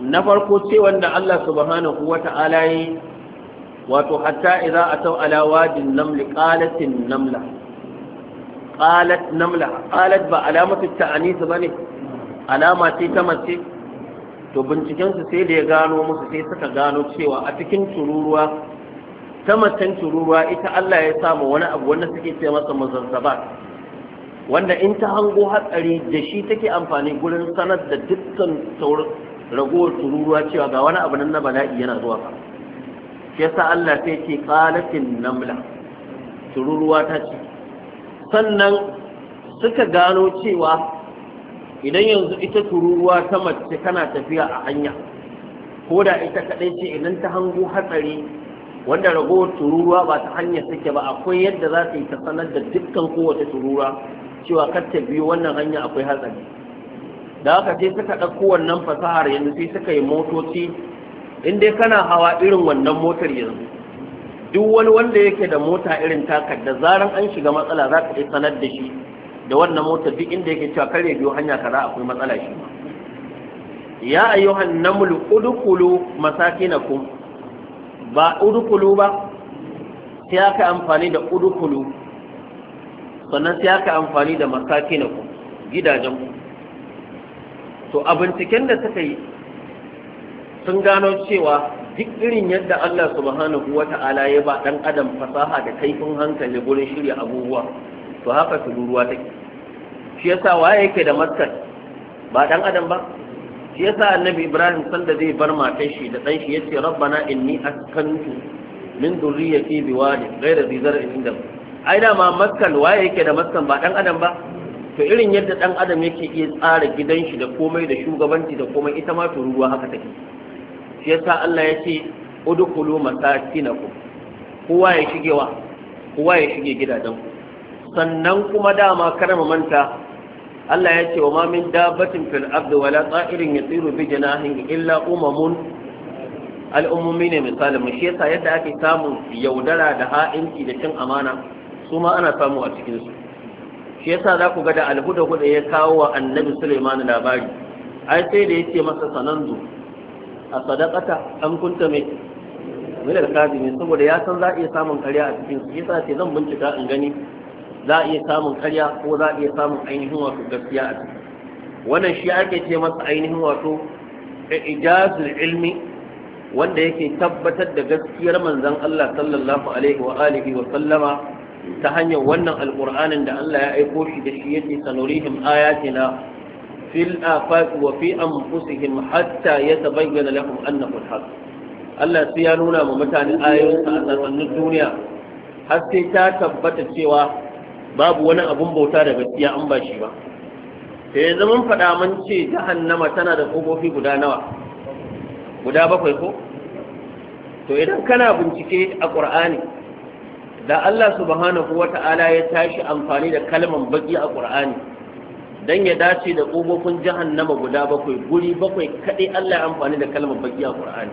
na farko ce wanda Allah subhanahu wa ta'ala yi wato hatta idza ataw ala wadin naml qalat namla qalat namla qalat ba alamatu ta'anis bane alama ce ta mace to binciken su sai da ya gano musu sai suka gano cewa a cikin tururuwa ta macen tururuwa ita Allah ya samu wani abu wanda suke ce masa muzanzabat wanda in ta hango hatsari da shi take amfani gurin sanar da dukkan ragowar tururuwa cewa ga wani abu nan na bala'i yana zuwa ka shi yasa Allah sai ce qalatin namla tururuwa ta ce sannan suka gano cewa idan yanzu ita tururuwa ta mace kana tafiya a hanya ko da ita kaɗai ce idan ta hango hatsari wanda ragowar tururuwa ba ta hanya take ba akwai yadda za ta yi ta sanar da dukkan kowace tururuwa cewa kar ta biyo wannan hanya akwai hatsari da haka sai suka ɗauko wannan fasahar yanzu sai suka yi motoci in dai kana hawa irin wannan motar yanzu duk wani wanda yake da mota irin taka da zaran an shiga matsala za ka sanar da shi da wannan motar duk inda yake cewa kare biyo hanya kaza akwai matsala shi ya ayyuhan namul udkhulu masakinakum ba udkhulu ba sai aka amfani da udkhulu sannan sai aka amfani da masakinakum gidajen to a binciken da suka yi sun gano cewa duk irin yadda Allah subhanahu wa ta'ala ya ba ɗan adam fasaha da kaifin hankali gurin shirya abubuwa to haka tururuwa take shi yasa waye yake da maskar ba ɗan adam ba shi yasa annabi Ibrahim sanda zai bar matar shi da dan shi yace rabbana inni askantu min dhurriyyati biwadin ghayra dhi zar'in inda ai da ma maskal waye yake da maskan ba ɗan adam ba to irin yadda ɗan adam yake iya tsara gidan shi da komai da shugabanci da komai ita ma tururuwa haka take yasa Allah ya ce udkhulu masakinakum kowa ya shigewa kowa ya shige gidajen sannan kuma dama karama manta Allah ya ce wa ma min dabatin fil ardi wala ta'irin yatiru bi janahin illa umamun al'ummomi ne misalin shi yasa yadda ake samun yaudara da ha'inci da cin amana su ma ana samu a cikinsu shi yasa za ku ga da alhuda huda ya kawo wa annabi suleiman labari ai sai da ya ce masa sananzu a sadakata an kunta mai mai kazimi saboda ya san za a iya samun karya a cikin su yasa ce zan bincika in gani za a iya samun karya ko za a iya samun ainihin wato gaskiya a ciki wannan shi ake ce masa ainihin wato ijazul ilmi wanda yake tabbatar da gaskiyar manzon Allah sallallahu alaihi wa alihi wa sallama ta hanyar wannan alqur'anin da Allah ya aiko shi da shi yake sanurihim ayatina fil afaq wa fi anfusihim hatta yatabayyana lahum annahu al-haq Allah sai ya nuna ma mutane ayoyinsa a tsakanin duniya har sai ta tabbata cewa babu wani abun bauta da gaskiya an ba shi ba sai zaman faɗa mun ce jahannama tana da kofofi guda nawa guda bakwai ko to idan kana bincike a ƙur'ani da Allah subhanahu wata'ala ya tashi amfani da kalman baki a ƙur'ani dan ya dace da kofofin jahannama guda bakwai guri bakwai kaɗai. Allah ya amfani da kalmar baki a Qur'ani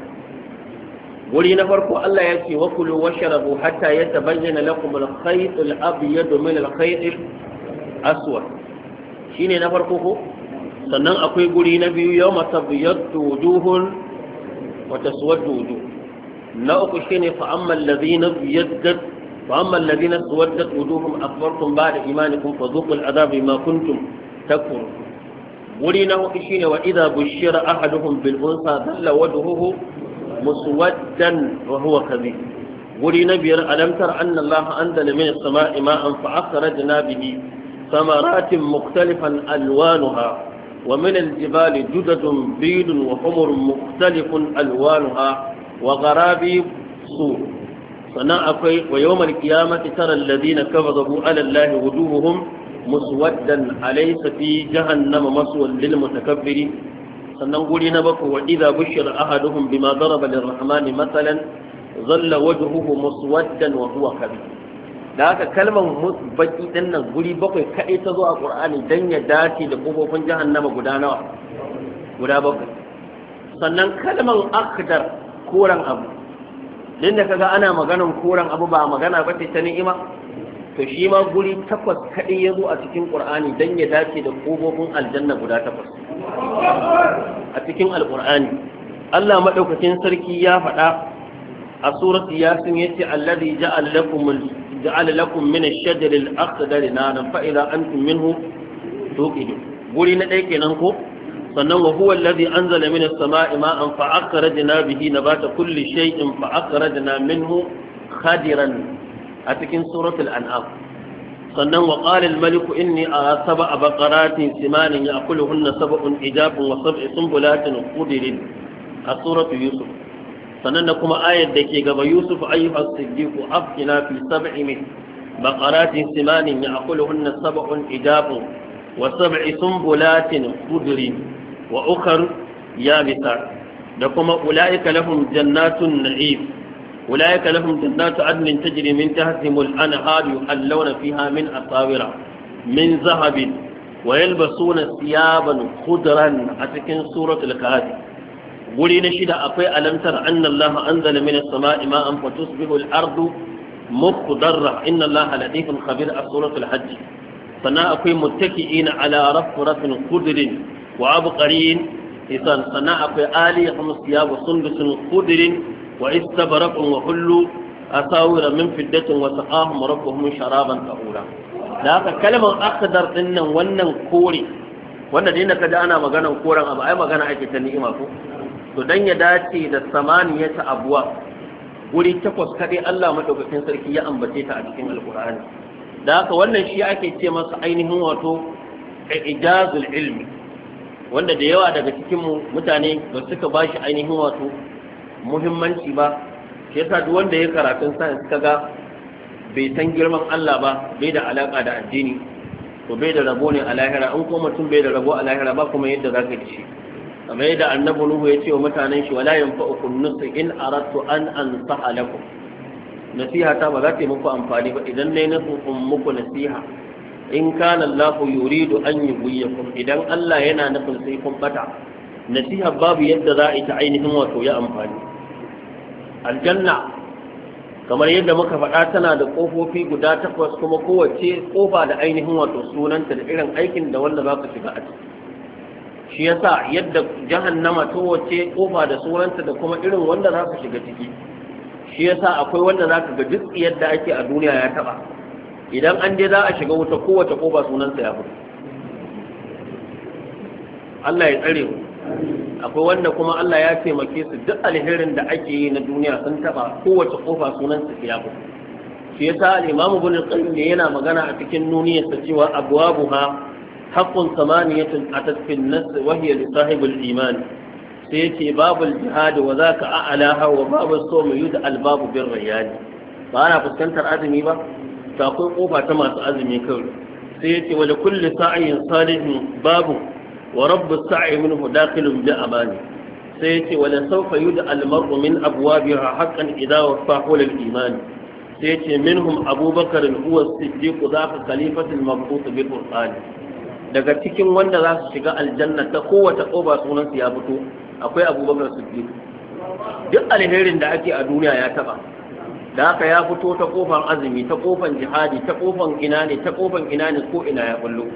guri na farko Allah ya ce wa kulu washrabu hatta yatabayyana lakum al-khayt al-abyad min al-khayt al-aswad shine na farko ko sannan akwai guri na biyu yawma tabyaddu wujuhun wa taswaddu wujuh na uku shine fa amma alladhina yaddat fa amma alladhina tawaddat wujuhum akbartum ba'da imanikum fadhuqul adhab ma kuntum takur wuri na hudu shine wa idza bushira ahaduhum bil unsa dalla wajhuhu muswaddan wa huwa kadhib wuri na biyar alamtar anna Allah anzala min as-sama'i ma'an fa akhrajna bihi samaratin mukhtalifan alwanuha ومن Bidun, جدد بيض وحمر مختلف ألوانها وغرابي Su, sannan akwai wa yawmal qiyamati tara alladhina kadhabu ala allahi wujuhuhum muswaddan alaysa fi jahannama maswal lil mutakabbiri sannan guri na bako wa idza bushira ahaduhum bima daraba lirrahman masalan zalla wajhuhu muswaddan wa huwa kabir da haka kalmar musbaki din nan guri bakwai kadai ta zo a qur'ani dan ya dace da kofofin jahannama guda nawa guda bakwai sannan kalmar akdar koran abu din da kaga ana maganan koran abu ba magana ba ce ta ni'ima to shi ma guri takwas kaɗai ya zo a cikin ƙur'ani don ya dace da ƙofofin aljanna guda takwas a cikin alƙur'ani Allah maɗaukakin sarki ya faɗa a suratu yasin yace ce, Alladhi ja'ala lakum min ash-shajari al-akhdar naran fa idza antum minhu guri na ɗaya kenan ko sannan wa huwa allazi anzala min as-sama'i ma'an fa akhrajna bihi nabata kulli shay'in fa akhrajna minhu khadiran a cikin suratul an'am sannan wa qala al-malik inni ara sab'a baqaratin simanin ya'kuluhunna sab'un ijabun wa sab'i sunbulatin qudrin a suratu yusuf sannan da kuma ayar da ke gaba yusuf ayyuhas siddiq afkina fi sab'i min baqaratin simanin ya'kuluhunna sab'un ijabun wa sab'i sunbulatin qudrin wa ukhra yabisa da kuma ula'ika lahum jannatun na'im أولئك لهم جنات عدن تجري من تحتهم الأنهار يحلون فيها من أساور من ذهب ويلبسون ثيابا خضرا أتكن سورة الكهف قولي نشد أقوي ألم تر أن الله أنزل من السماء ماء فتصبح الأرض مخضرة إن الله لطيف خبير سورة الحج فنا أقوي متكئين على رفرة خضر وعبقرين إذا فنا أقوي آلي خمس ثياب وصندس خضر wa istabaraqun wa hullu asawira min fiddatin wa saqahum rabbuhum sharaban tahura da haka kalmar akhdar din wannan kore wanda dai naka ji ana maganar koren abu ai magana ake ta ni'ima ko to dan ya dace da samaniyata abuwa wuri takwas kaɗai Allah madaukakin sarki ya ambace ta a cikin alkur'ani da haka wannan shi ake ce masa ainihin wato ijazul ilmi wanda da yawa daga cikin mutane ba suka bashi ainihin wato muhimmanci ba shi yasa duk wanda ya karatun science kaga bai san girman Allah ba bai da alaka da addini to bai da rabo ne a lahira in ko mutum bai da rabo a lahira ba kuma yadda zaka ji kamar yadda annabi nuhu ya ce wa mutanen shi wala yanfa'ukum nusu in aradtu an ansaha lakum nasiha ta ba za ta yi muku amfani ba idan nasu nufin muku nasiha in kana Allah yuridu an yughyikum idan Allah yana nufin sai kun bata nasiha babu yadda za a yi ta ainihin wato ya amfani aljanna kamar yadda muka faɗa tana da ƙofofi guda takwas kuma kowace ƙofa da ainihin wato sunanta da irin aikin da wanda za ka shiga a ciki shi yasa yadda jahannama ta wace ƙofa da sunanta da kuma irin wanda za ka shiga ciki shi yasa akwai wanda za ka ga duk yadda ake a duniya ya taɓa idan an je za a shiga wuta kowace ƙofa sunansa ya fito Allah ya tsare mu akwai wanda kuma Allah ya taimake su duk alherin da ake yi na duniya sun taba kowace kofa sunan su ya fi shi yasa al-Imam Ibn al-Qayyim ne yana magana a cikin nuniyar sa cewa abwabuha haqqun samaniyatun a fil nas wa hiya li sahibul iman sai yace babul jihad wa zaka a'laha wa babul sawm yud al-babu bir riyadi ba ana fuskantar azumi ba ta akwai kofa ta masu azumi kawai sai yace wa kulli sa'in salihin babu wa rabbu sa'i minhu dakhilun bi amani sai yace wala sawfa yud'al mar'u min abwabiha haqqan idza wafahu lil iman sai yace minhum abubakar huwa as-siddiq dhaka khalifatu al-mab'uth bil qur'an daga cikin wanda za su shiga aljanna ta kowace koba sunan su ya fito akwai abubakar siddiq duk alherin da ake a duniya ya taba da haka ya fito ta kofar azumi ta kofar jihadi ta kofar ina ne ta kofar ina ne ko ina ya kullu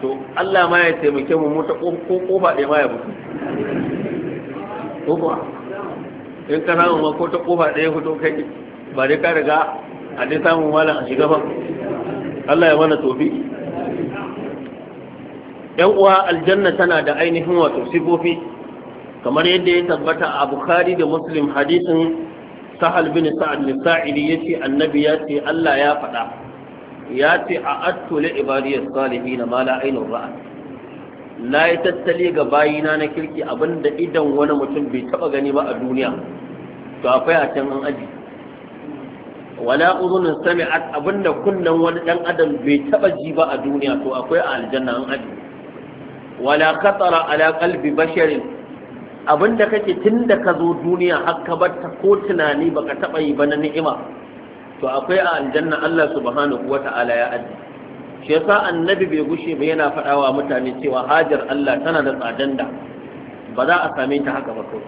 to Allah ma ya taimake mu mu ta kofa ɗaya ma ya fito ko kuwa in ka samu ma ko ta kofa ɗaya fito kai ba dai ka riga a dai samu malam a shiga ba Allah ya mana tobi yan uwa aljanna tana da ainihin wato sifofi kamar yadda ya tabbata a bukhari da muslim hadisin sahal bin sa'ad bin sa'idi yace annabi ya ce Allah ya faɗa ya ce a atto li ibadiyar salihin na mala ainihin ra'a na yi tattali ga bayina na kirki abinda idan wani mutum bai taba gani ba a duniya to akwai a can an aji wala uzunin sami'at abinda kunnan wani dan adam bai taba ji ba a duniya to akwai a aljanna an aji wala khatara ala qalbi basharin abinda kake da ka zo duniya har ka bar ta ko tunani baka taba yi ba na ni'ima to akwai a aljanna Allah subhanahu wata'ala ya aji shi yasa annabi bai gushe ba yana faɗawa mutane cewa hajar Allah tana da tsadan da ba za a same ta haka ba kawai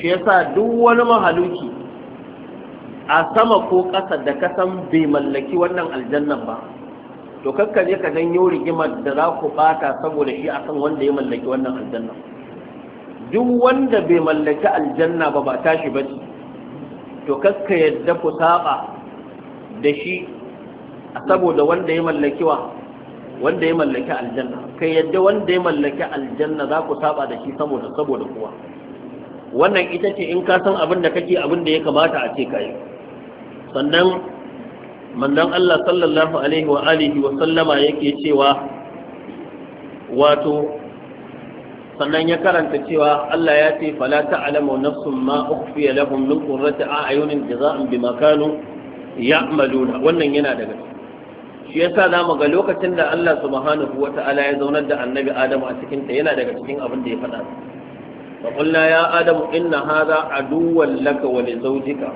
shi yasa duk wani mahaluki a sama ko ƙasa da ka san bai mallaki wannan aljannan ba to kakka je ka janyo rigimar da za ku bata saboda shi akan wanda ya mallaki wannan aljannan duk wanda bai mallaki aljanna ba ba tashi ba ce to kaska yadda ku saba da shi saboda wanda ya mallaki wa wanda ya mallaki aljanna kai yadda wanda ya mallaki aljanna za ku saba da shi saboda saboda kuwa wannan ita ce in ka san abin da kake abin da ya kamata a ce kai sannan manzon Allah sallallahu alaihi wa alihi wa sallama yake cewa wato sannan ya karanta cewa Allah ya ce fala ta'lamu nafsun ma ukhfiya lahum min qurrati a'yunin jazaa'an bima kanu ya'maluna wannan yana daga shi yasa zamu ga lokacin da Allah subhanahu wata'ala ya zaunar da annabi Adamu a cikin ta yana daga cikin abin da ya faɗa fa qulna ya adamu inna hadha aduwwan laka wa li zawjika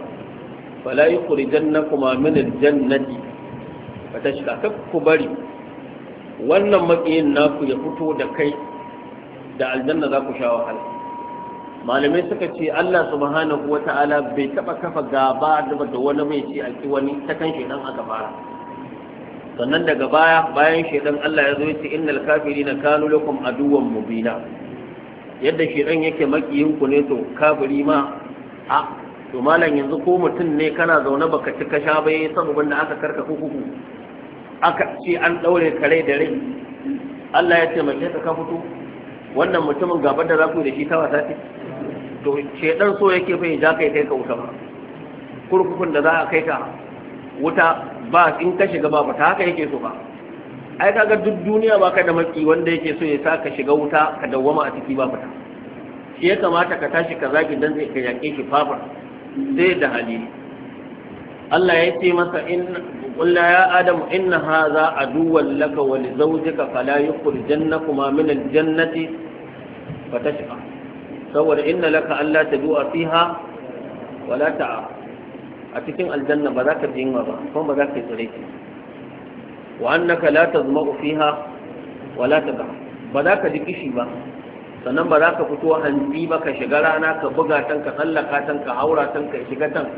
fala yukhrijannakuma min al-jannati fatashqa kakku bari wannan makiyin naku ya fito da kai da aljanna za ku sha wahala malamai suka ce Allah subhanahu ta'ala bai taba kafa gaba da wani mai ci a wani ta kan shedan aka fara sannan daga baya bayan shedan Allah ya zo ya ce innal kafirina kanu lakum aduwwan mubina yadda shedan yake makiyin ku ne to kafiri ma a to malam yanzu ko mutum ne kana zaune baka ci ka sha bai sababin da aka karka kuku aka ce an daure kare da rai Allah ya ce ka ka fito wannan mutumin gaban da za ku yi da shi ta wasa ce to shedan so yake bai ja kai kai ka wuta ba kurkukun da za a kai ka wuta ba in ka shiga ba ta haka yake so ba ai kaga duk duniya ba ka da maki wanda yake so ya sa ka shiga wuta ka dawwama a ciki ba ta shi ya kamata ka tashi ka zagi dan zai ka yake shi fafa sai da hali Allah ya ce masa in qulna ya adam inna hadha aduwwan laka wa li zawjika fala yukhrijannakuma min al-jannati shiga. saboda inna laka alla tadua fiha wala ta'a a cikin aljanna ba za ka ji yunwa ba kuma ba za ka yi tsare ki wa annaka la tazma'u fiha wala ta taqa ba za ka ji kishi ba sannan ba za ka fito hanzi ba ka shiga rana ka buga tan ka tsallaka tan ka haura tan ka shiga tan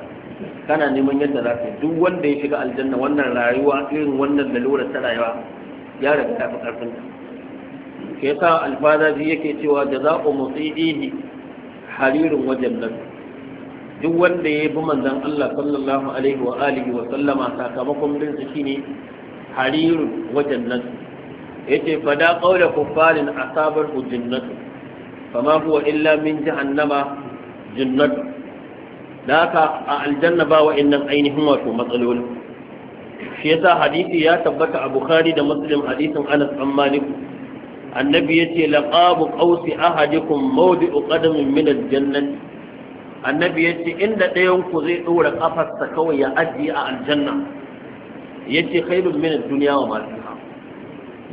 kana neman yadda za ka duk wanda ya shiga aljanna wannan rayuwa irin wannan lura ta rayuwa ya riga ta fi karfin ke sa ji yake cewa da za ku mutsi'ihi haririn wajen nan duk wanda ya bi manzan Allah sallallahu alaihi wa alihi wa sallama sakamakon bin shi shine haririn wajen nan yace fada qawla kuffarin asabar jannatu fama huwa illa min jahannama jannatu da haka a aljanna ba wa innan ainihin wato matsaloli shi yasa hadisi ya tabbata a bukhari da muslim hadisin anas an malik annabi ya yace laqabu qausi ahadikum mawdi'u qadamin min aljannati annabi ya ce, inda ɗayan ku zai ɗora kafarsa kawai ya ajiye a aljanna Ya ce, khairun min ad-dunya wa ma fiha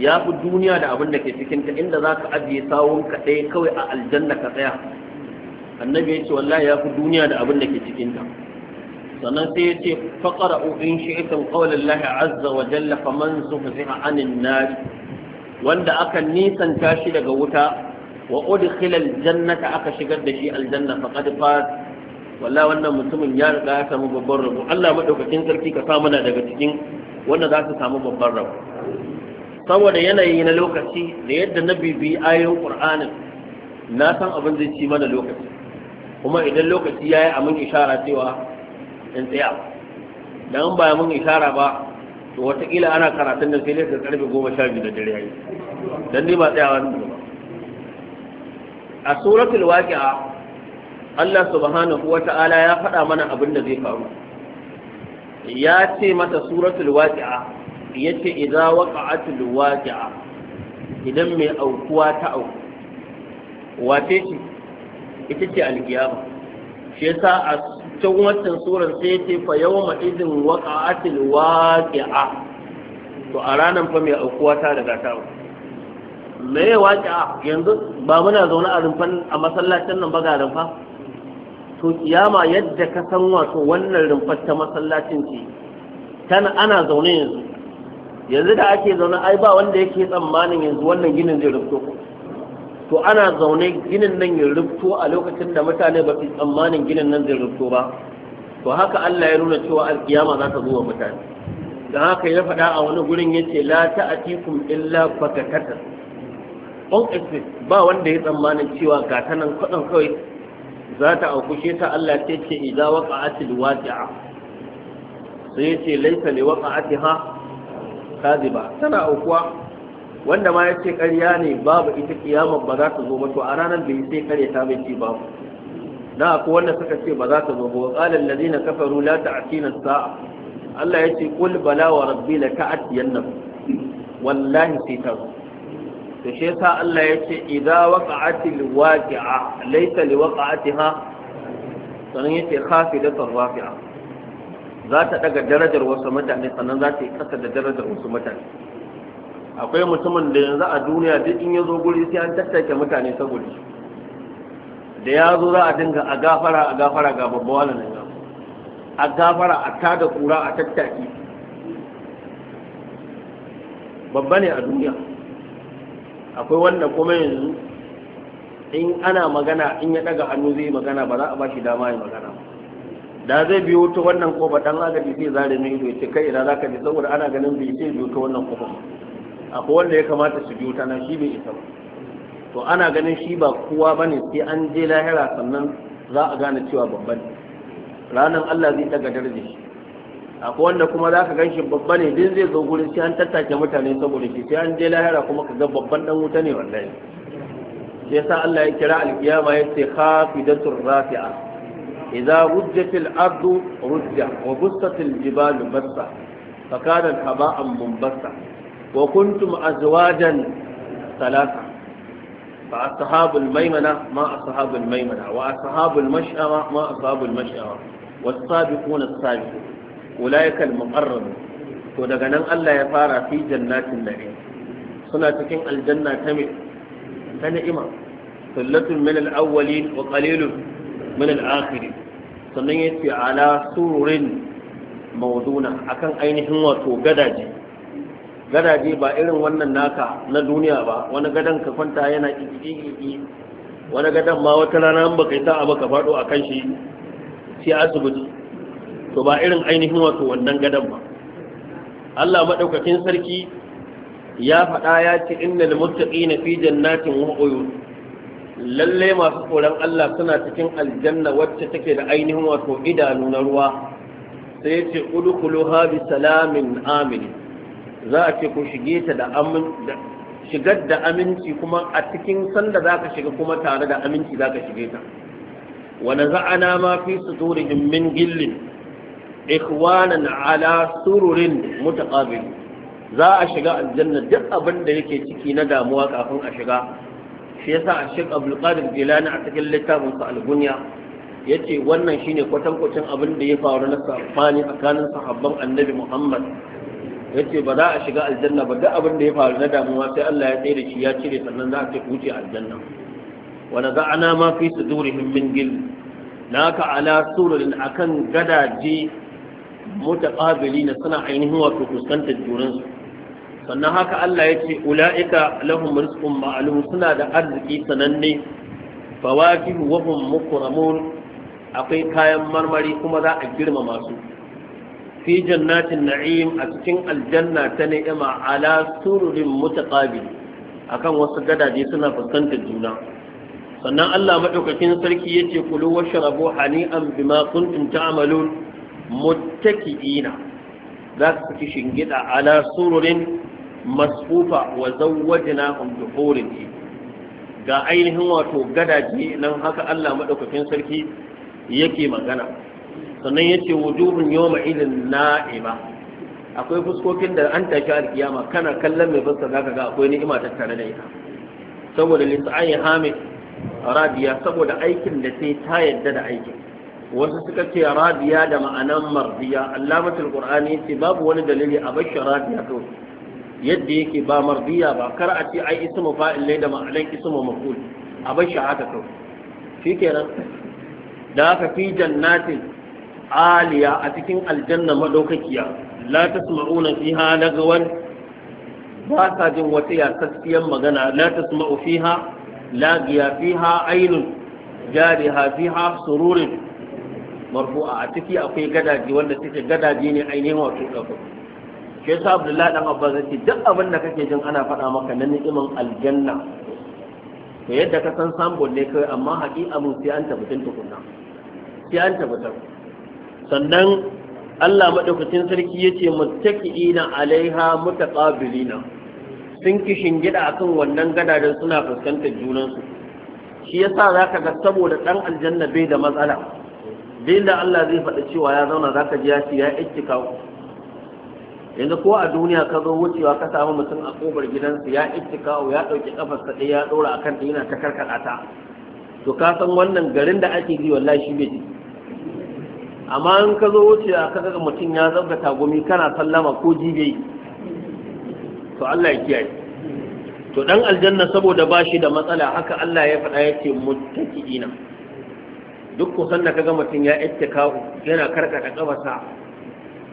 ya fi duniya da abin da ke cikin inda za ka ajiye sawun ka ɗaya kawai a aljanna ka tsaya annabi ya ce wallahi ya fi duniya da abin da ke cikinta sannan sai ya ce faƙara in shi'itum qawlallahi azza wa jalla faman zuhziha anin nar wanda aka nisanta shi daga wuta wa udkhila aljannata aka shigar da shi aljanna faqad fat wallahi wannan mutumin ya riga ya samu babban rabo Allah madaukakin sarki ka sa mana daga cikin wanda za su samu babban rabo saboda yanayi na lokaci da yadda na bibiyi ayoyin Qur'anin na san abin zai ci mana lokaci kuma idan lokaci ya yi a mun ishara cewa in tsaya don ba mun ishara ba to watakila ana karatun da sai da karfe goma sha biyu da dare ya yi. don ni ba tsayawa ne ba a suratul waqi'a Allah subhanahu ta'ala ya faɗa mana abin da zai faru ya ce mata suratul waqi'a yace idza waqa'atul waqi'a idan mai aukuwa ta auku wace ce ita ce alkiyama shi yasa a cikin wancan suran sai ce fa yawma idin waqa'atil waƙi'a to a ranar fa mai aukuwa ta daga ta me ya a yanzu ba muna zaune a rumfan a masallacin nan ba ga rumfa to kiyama yadda ka san wato wannan rumfar ta masallacin ce tana ana zaune yanzu yanzu da ake zaune ai ba wanda yake tsammanin yanzu wannan ginin zai rufto to ana zaune ginin nan ya rubuto a lokacin da mutane ba su tsammanin ginin nan zai rubuto ba to haka Allah ya nuna cewa alkiyama za ta zo wa mutane dan haka ya faɗa a wani gurin yace la ta'atikum illa fakakatan on exit ba wanda ya tsammanin cewa ga ta nan kwadan kawai za ta auku ta Allah ce ce idza waqa'atil waqi'a sai yace laysa li waqa'atiha kadiba tana aukuwa wanda ma ya ce ƙarya ne babu ita kiyamar ba za ta zo ba to a ranar bai sai ƙarya ta bai ce babu na ko wanda suka ce ba za ta zo ba wa qala allazina kafaru la ta'tina sa'a Allah ya ce qul bala wa rabbi la ta'tiyannakum wallahi sai ta zo to shi yasa Allah ya ce idza waqa'atil waqi'a laysa liwaqa'atiha sanan yace khafidatur rafi'a za ta daga darajar wasu mutane sannan za ta yi kasa da darajar wasu mutane akwai mutumin da yanzu a duniya duk in ya zo guri sai an tattake mutane saboda shi da ya zo za a dinga a gafara a gafara ga babba wala nan a gafara a tada kura a tattaki babba ne a duniya akwai wanda kuma yanzu in ana magana in ya daga hannu zai magana ba za a ba shi dama ya magana da zai biyo ta wannan kofa dan agaji zai zare mai ido ya ce kai idan za ka ji saboda ana ganin bai ce biyo ta wannan kofa akwai wanda ya kamata su biyo ta nan shi bai isa ba to ana ganin shi ba kowa ne sai an je lahira sannan za a gane cewa babban ranar Allah zai daga darje shi akwai wanda kuma za ka ganshi babba ne din zai zo gurin sai an tattake mutane saboda shi sai an je lahira kuma ka ga babban dan wuta ne wallahi sai sa Allah ya kira alkiyama ya ce khafidatur rafi'a idza wujjatil ardu rujja wa bussatil jibalu bassa fa kana haba'an mumbasa wa kuntum azwajan talaka fa ashabul maimana ma ashabul maimana wa ashabul mash'ama ma ashabul mash'ama was sabiquna as-sabiqun ulaika al-muqarrabun to daga nan Allah ya fara fi jannatin na'im suna cikin aljanna ta ni'ima sallatun min al wa qalilun min al sannan yace sururin akan ainihin wato gadaje gadaje ba irin wannan naka na duniya ba wani gadan ka kwanta yana ƙiƙiƙiƙi wani gadan ma wata rana an baka ta abu ka faɗo a kan shi sai asibiti to ba irin ainihin wato wannan gadan ba Allah maɗaukakin sarki ya faɗa ya ce innal muttaqina fi jannatin wa uyun lalle masu tsoron Allah suna cikin aljanna wacce take da ainihin wato idanu na ruwa sai ce udkhuluha bi salamin amin za a ce ku shige ta da shigar da aminci kuma a cikin sanda za ka shiga kuma tare da aminci za ka shige ta wani za'ana ma fi su zurihin min gillin ikwanan ala sururin mutaƙabili za a shiga aljanna duk abin da yake ciki na damuwa kafin a shiga shi yasa a shek abdulkadir jilani a cikin littafinsa algunya ya ce wannan shine kwatankwacin abin da ya faru na safani tsakanin sahabban annabi muhammad yace ba za a shiga aljanna ba duk abin da ya faru na damuwa sai Allah ya tsaye da shi ya cire sannan za a ce wuce aljanna wa naza'ana ma fi sudurihim min gil naka ala sururin akan gadaje na suna ainihin wato fuskantar juransu sannan haka Allah ya ce ula'ika lahum rizqun ma'lum suna da arziki sananne fawakihu wa hum mukramun akwai kayan marmari kuma za a girmama su fi jannatin na'im a cikin aljanna ta ni'ima ala sururin mutaqabil akan wasu gadaje suna fuskantar juna sannan Allah madaukakin sarki yace kulu washrabu hani'an bima kuntum ta'malun muttaki'ina za su ci shingida ala sururin masfufa wa zawwajnahum duhurin ga ainihin wato gadaje nan haka Allah madaukakin sarki yake magana sannan ya ce wujuhun yawma idin na'ima akwai fuskokin da an tashi alkiyama kana kallon mai fuska zaka ga akwai ni'ima tattare da ita saboda lisa'ayi hamid radiya saboda aikin da sai ta yadda da aikin wasu suka ce radiya da ma'anan mardiya allamatul qur'ani ce babu wani dalili a bashi radiya to yadda yake ba mardiya ba kar a ce ai ismu fa'il ne da ma'anan ismu maf'ul a bashi haka to shikenan da haka fi jannatin aliya a cikin aljanna madaukakiya la tasma'una fiha lagawan ba sa jin wata yasassiyar magana la tasma'u fiha lagiya fiha ainun jariha fiha sururin marfu'a a ciki akwai gadaji wanda suke gadaji ne ainihin wato ɗaukar shi yasa abdullahi dan abbas yace duk abin da kake jin ana faɗa maka na ni'iman aljanna to yadda ka san sambon ne kawai amma haƙiƙa mun sai an tabbatar tukunna sai an tabbatar sannan Allah Maɗaukacin sarki ya ce mutaki ina alaiha na. sun kishin gida kan wannan gadajen suna fuskantar junansu shi ya sa za ka ga saboda ɗan aljanna bai da matsala duk da Allah zai faɗi cewa ya zauna zaka ji ya ce ya kawo yanzu ko a duniya ka zo wucewa ka samu mutum a ƙofar gidansu ya kawo, ya ɗauki kafarsa ɗaya ya ɗora akan ta yana ta karkaɗa ta to ka san wannan garin da ake ji wallahi shi bai ji amma in ka zo wuce a kaga mutum ya zabga tagumi kana sallama ko jibe to Allah ya kiyaye to dan aljanna saboda bashi da matsala haka Allah ya faɗa yace muttaqiina duk kusan da kaga mutum ya ittikahu yana karkata kabasa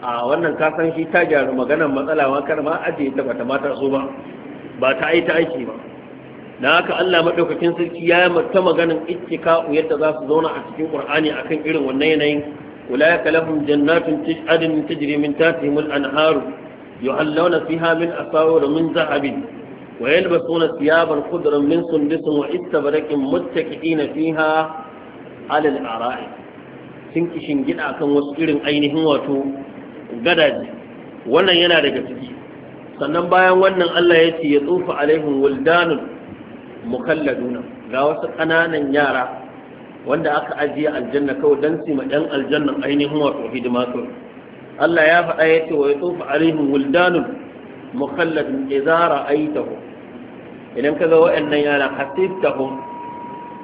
a wannan ka san shi ta gyaru maganar matsala ma kar ma aje ta bata mata so ba ba ta ai ta aiki ba dan haka Allah madaukakin sarki ya yi ta maganar ittikahu yadda za su zauna a cikin Qur'ani akan irin wannan yanayin أولئك لهم جنات تجعل تجري من تحتهم الأنهار يحلون فيها من أساور من ذهب ويلبسون ثيابا خضرا من سندس وإستبرك متكئين فيها على الأرائك sinki shingida kan wasu irin ainihin wato gadaji wannan yana daga ciki sannan bayan wannan Allah ya ce ya tsufa alaihim wuldanun mukalladuna ga wasu ƙananan yara wanda aka ajiye aljanna kawai dan su yan aljannan ainihin wato hidima su Allah ya faɗa ya ce wa ya tsofa alaihim wildanun mukhalladun idza ra'aytahu idan ka kaga wa'annan yana za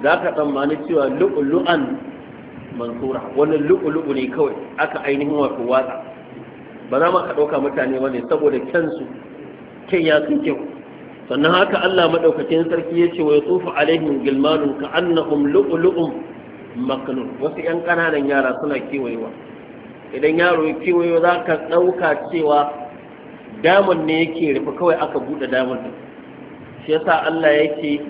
zaka tsammani cewa lu'ulu'an mansura wannan lu'lu'u ne kawai aka ainihin wato watsa ba za mu ka ɗauka mutane ba ne saboda kyansu kyan ya kai kyau sannan haka Allah madaukakin sarki yace wa yatufu alaihim gilmanun annahum lu'lu'un maknun wasu yan kananan yara suna kewayewa idan yaro ya kewayo za ka ɗauka cewa damon ne yake rufe kawai aka buɗe damar din shi yasa Allah yake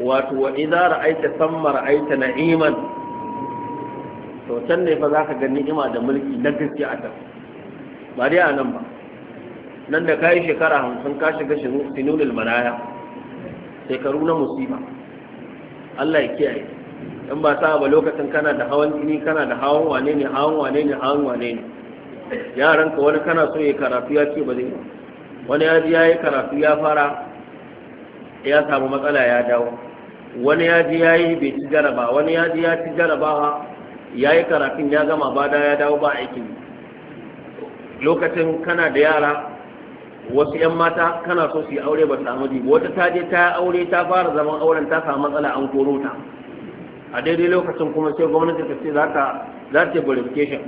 wato wa idza ra'aita samma ra'aita na'iman to can ne fa zaka ga ni'ima da mulki na gaskiya a ba dai a nan ba nan da kayi shekara hamsin ka shiga sinunul manaya shekaru na musiba Allah ya kiyaye in ba sa ba lokacin kana da hawan jini kana da hawan wane ne hawan wane ne hawan wane ne yaran ka wani kana so ya karatu ya ce ba zai wani ya ji ya yi karatu ya fara ya samu matsala ya dawo wani ya ji ya yi bai ci jaraba wani ya ji ya ci jarabawa ya yi karatun ya gama bada ya dawo ba aikin lokacin kana da yara wasu yan mata kana so su yi aure ba samu ji wata ta je ta aure ta fara zaman auren ta samu matsala an koro ta a daidai lokacin kuma sai gwamnati ta ce za ta za ta verification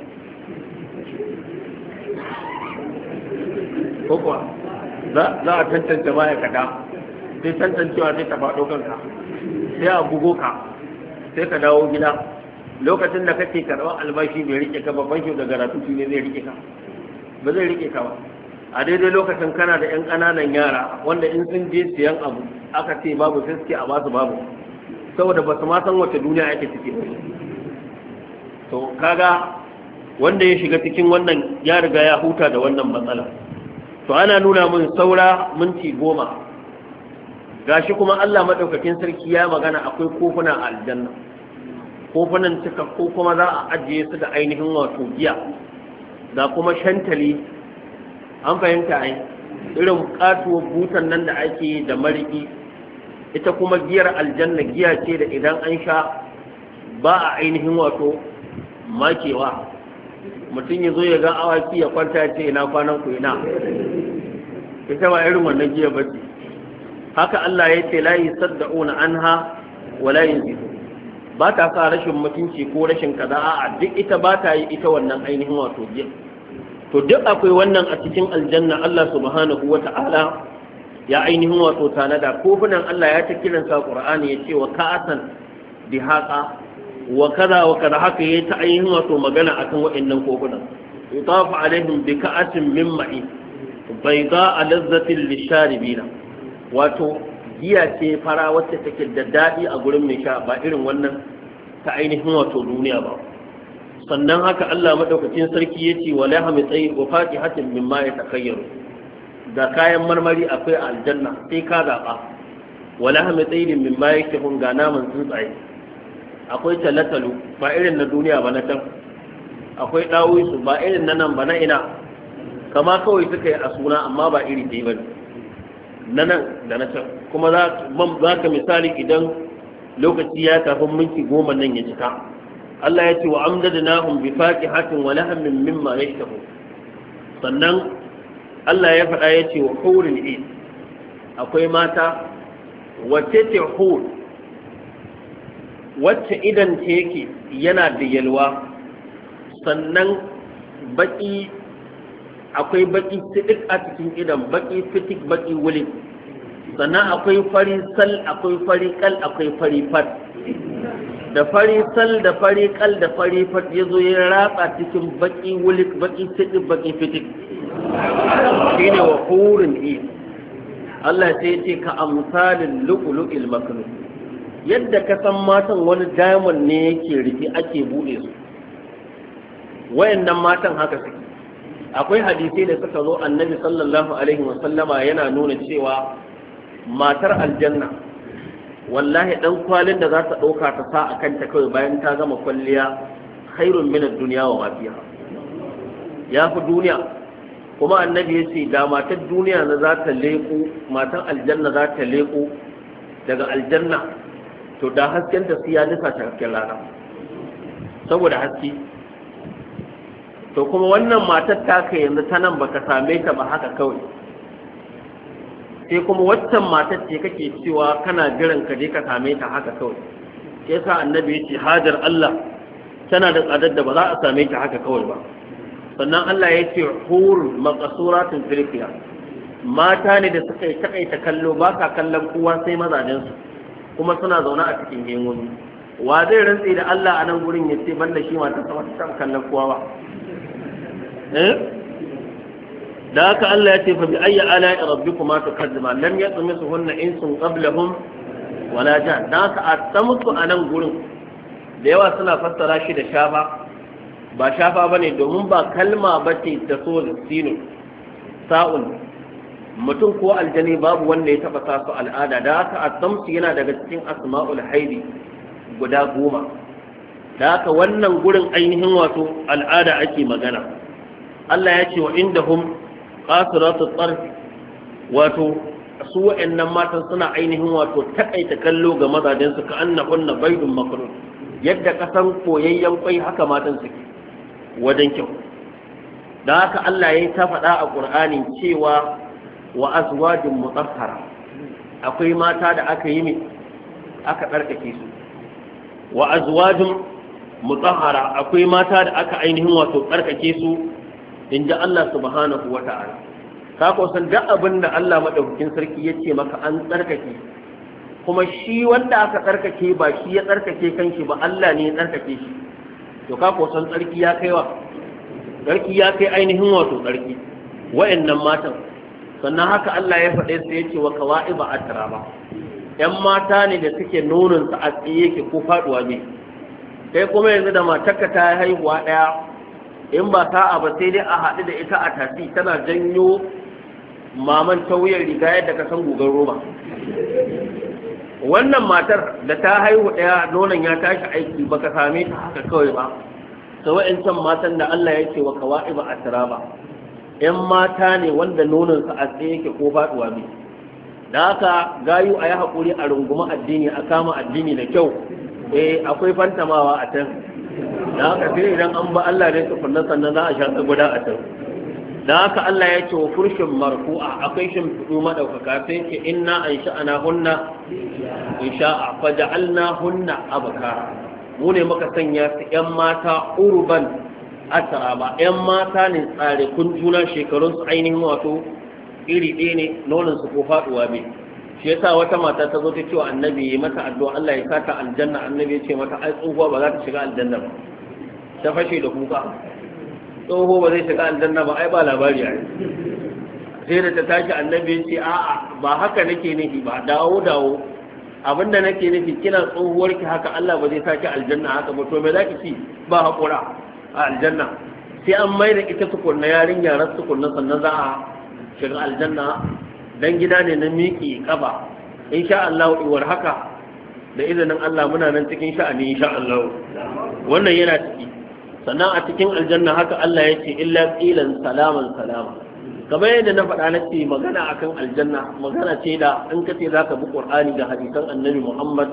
ko kuwa za a tantance ma'aikata sai tantancewa sai ta faɗo kanka sai a bugo ka sai ka dawo gida lokacin da kake karɓar albashi bai rike ka ba shi da garatu ne zai rike ka ba zai rike ka ba a daidai lokacin kana da 'yan ƙananan yara wanda in sun je siyan abu aka ce babu sai suke a basu babu saboda ba su ma san wace duniya ake ciki to kaga wanda ya shiga cikin wannan ya riga ya huta da wannan matsala to ana nuna mun saura minti goma gashi kuma Allah maɗaukakin sarki ya magana akwai kofuna a aljanna kofunan cika ko kuma za a ajiye su da ainihin wato giya da kuma shantali an fahimta ai irin katuwa butan nan da ake yi da mariki ita kuma giyar aljanna giya ce da idan an sha ba a ainihin wato makewa mutum ya zo ya ga awaki ya kwanta ya ce ina kwanan ku ina ita ba irin wannan giya ba ce haka Allah ya ce la yusaddauna anha wa la ba ta sa rashin mutunci ko rashin kaza a duk ita ba ta yi ita wannan ainihin wato giya to duk akwai wannan a cikin aljanna Allah subhanahu wa ta'ala ya ainihin wato tanada kofunan Allah ya ta kiransa Qur'ani ya ce wa ka'atan haqa wa kaza wa kaza haka yayi ta ainihin wato magana akan waɗannan kofunan yutafu alaihim bi ka'atin min ma'i bayda lazzatin lisharibina wato giya ce fara wacce take da dadi a gurin mai sha ba irin wannan ta ainihin wato duniya ba sannan haka Allah madaukakin sarki yace wa lahmi tsayi wa fatihatin mimma yatakayyaru ga kayan marmari akwai aljanna sai ka zaba wa lahmi tsayin mimma ke ga naman tsuntsaye akwai talatalu ba irin na duniya ba na can akwai dawisu ba irin na nan ba na ina kama kawai suka yi a suna amma ba iri yi ba na nan da na can kuma za ka misali idan lokaci ya kafin minti goma nan ya cika Allah ya ce wa amdadnahum bi faqihatin wa lahmin mimma yashtahu sannan Allah ya faɗa ya ce wa hurin ain akwai mata wacce ce hur wacce idan ta yake yana da yalwa sannan baƙi akwai baƙi fitik a cikin idan baƙi fitik baƙi wuli sannan akwai fari sal akwai fari kal akwai fari fat da fari sal da fari kal da fari fat ya zo ya ratsa cikin baki wulik baki tiki baki fitik shine wa hurun i Allah sai ya ce ka amsalin lu'lu'il maknun yadda ka san matan wani diamond ne yake rufi ake bude su wayannan matan haka suke akwai hadisai da suka zo annabi sallallahu alaihi wasallama yana nuna cewa matar aljanna wallahi dan kwalin da za ta ɗauka ta sa a kanta kawai bayan ta gama kwalliya khairun min ad-dunya wa ma fiha ya fi duniya kuma annabi ya ce da matar duniya na za ta leƙo matan aljanna za ta leƙo daga aljanna to da hasken ta siya nufa ta hasken rana saboda haske to kuma wannan matar taka yanzu ta nan baka same ta ba haka kawai sai kuma waccan matar ce kake cewa kana jiran ka je ka same ta haka kawai sai sa annabi ya ce hajar Allah tana da tsadar da ba za a same ta haka kawai ba sannan Allah ya ce hur maqasuratun filfiya mata ne da suka yi takaita kallo ba ka kallon kowa sai su kuma suna zaune a cikin gengoni wa zai rantse da Allah a nan gurin ya ce banda shi mata ta wata kallon kowa ba eh da haka Allah ya ce fa bi ayyi ala'i rabbikuma tukadzima lam yatmisuhunna insun qablahum wala jan da haka atamtu anan gurin da yawa suna fassara shi da shafa ba shafa bane domin ba kalma bace ta so da sinu sa'un mutum ko aljani babu wanda ya taba sa su al'ada da haka atamtu yana daga cikin asma'ul haidi guda goma da haka wannan gurin ainihin wato al'ada ake magana Allah ya ce wa hum. qasuratu tsarf wato su wa'annan matan suna ainihin wato takaita kallo ga mazajen su ka annahunna baydun makrun yadda kasan koyayyen kwai haka matan suke wajen kyau da haka Allah ya ta faɗa a Qur'ani cewa wa azwajin mutahhara akwai mata da aka yi aka tsarkake su wa azwajin mutahhara akwai mata da aka ainihin wato tsarkake su in ji Allah subhanahu wa ta'ala ka ko san duk abin da Allah madaukakin sarki ya ce maka an tsarkake kuma shi wanda aka tsarkake ba shi ya tsarkake kanshi ba Allah ne ya tsarkake shi to ka ko san tsarki ya kaiwa tsarki ya kai ainihin wato tsarki wa'annan matan sannan haka Allah ya faɗe su yace wa kawa'iba ba. yan mata ne da suke nonon su a tsaye yake ko faduwa ne Sai kuma yanzu da matarka ta haihuwa ɗaya. in ba sa'a ba sai dai a haɗu da ita a tasi tana janyo maman ta riga yadda ka san gugan roba wannan matar da ta haihu ɗaya nonon ya tashi aiki ba ka same ta haka kawai ba ta wa'ancan matan da Allah ya ce wa kawa'i ba a tira ba ‘yan mata ne wanda sa a tsaye yake ko faɗuwa ne da haka gayu a yi haƙuri a runguma addini a kama addini da kyau eh akwai fantamawa a can da haka sai idan an ba Allah ne tukunna sannan za a sha guda a can da haka Allah ya ce wa furshin markua akwai fudu maɗaukaka sai ce inna an ana hunna in a faja alna hunna abaka mu ne muka sanya su 'yan mata urban asara ba yan mata ne tsare kun juna su ainihin wato iri ɗaya ne nonon ko faɗuwa ne shi yasa wata mata ta zo ta ce wa annabi yi mata addu'a Allah ya sata aljanna annabi ya ce mata ai tsohuwa ba za ta shiga aljanna ba ta fashe da kuka tsoho ba zai shiga aljanna ba ai ba labari ai sai da ta tashi annabi ya ce a'a ba haka nake nufi ba dawo dawo abinda nake nufi kina tsohuwar ki haka Allah ba zai saki aljanna haka ba to me za ki ci ba hakura a aljanna sai an mai da ita tukunna yarinya ras tukunna sannan za a shiga aljanna dan gida ne na miƙi ƙaba insha Allah iwar haka da izinin Allah muna nan cikin sha'ani insha Allah wannan yana ciki sannan a cikin aljanna haka Allah yake illa qilan salaman salama kamar yadda na faɗa na ce magana akan aljanna magana ce da an ka ce zaka bi Qur'ani da hadisan Annabi Muhammad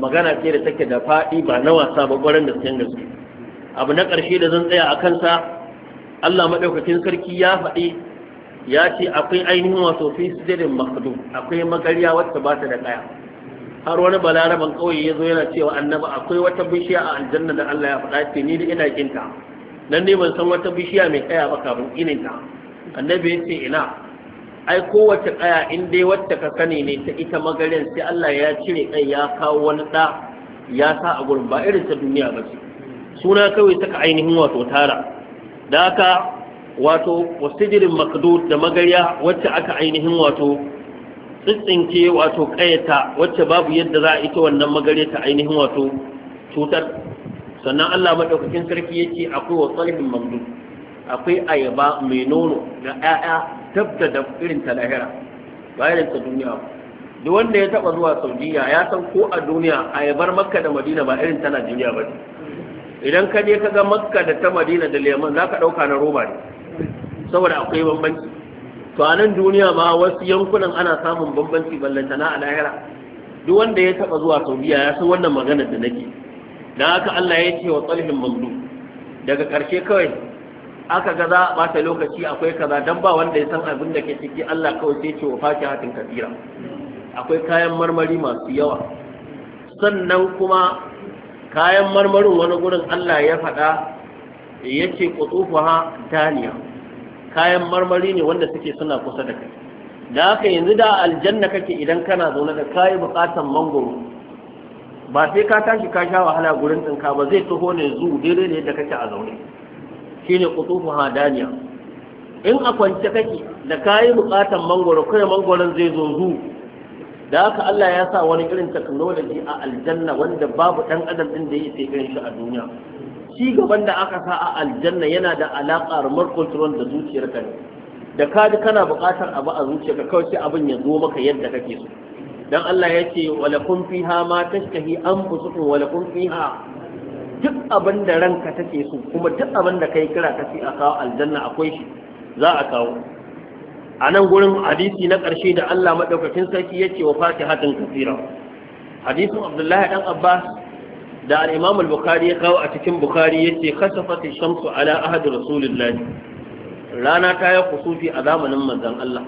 magana ce da take da faɗi ba na wasa ba gwaran da sayan gaske abu na ƙarshe da zan tsaya a sa Allah madaukakin sarki ya faɗi ya ce akwai ainihin wato fi sidirin makadu akwai magarya wacce ba ta da kaya har wani balaraban kawai ya zo yana cewa annaba akwai wata bishiya a aljanna da Allah ya faɗa ce ni da ina kinta nan ne ban san wata bishiya mai kaya ba kafin ininta annabi ya ce ina ai kowace kaya in dai wata ka sani ne ta ita magarin sai Allah ya cire kai ya kawo wani da ya sa a gurin ba irin ta duniya ba ce suna kawai saka ainihin wato tara da haka wato wasijirin makdud da magarya wacce aka ainihin wato tsitsinke wato kayata wacce babu yadda za a ita wannan magarya ta ainihin wato cutar sannan Allah madaukakin sarki yake akwai wa tsalhin mamdud akwai ayaba mai nono da ƴaƴa tabda da irin ta lahira bayan ta duniya duk wanda ya taba zuwa Saudiya ya san ko a duniya ayabar Makka da Madina ba irin ta Najeriya ba idan ka je ka ga Makka da ta Madina da Leman ka dauka na roba ne saboda akwai bambanci to a nan duniya ma wasu yankunan ana samun bambanci ballantana a lahira duk wanda ya taba zuwa saudiya ya san wannan magana da nake dan haka Allah ya ce wa talhin mamdu daga karshe kawai aka ga za a bata lokaci akwai kaza dan ba wanda ya san abin da ke ciki Allah kawai sai ce wa fakihatin kabira akwai kayan marmari masu yawa sannan kuma kayan marmarin wani gurin Allah ya faɗa ya ce taniya daniya kayan marmari ne wanda suke suna kusa da kai da haka yanzu da aljanna kake idan kana zaune da kayi bukatan mangoro ba sai ka tashi ka sha wahala gurin tsinka ba zai taho ne zu daidai da yadda kake a zaune shine qutufu hadaniya in a kwance kake da kayi bukatan mangoro kai mangoron zai zo zu da haka Allah ya sa wani irin technology a aljanna wanda babu dan adam din da yake irin shi a duniya ci gaban da aka sa a aljanna yana da alaƙa remote control da zuciyarka ne da ka ji kana buƙatar abu a zuciyarka kawai sai abin ya zo maka yadda kake so dan Allah ya ce kun fiha ma tashtahi anfusukum kun fiha duk abin da ranka take so kuma duk abin da kai kira kace a kawo aljanna akwai shi za a kawo a nan gurin hadisi na ƙarshe da Allah madaukakin sarki ya ce wa fatihatin kafira hadisin Abdullahi dan Abbas da al al-Bukhari ya kawo a cikin Bukhari ya ce, khasafat ash-shamsu ala ahad rasulillahi rana ta yi kusufi a zamanin manzon Allah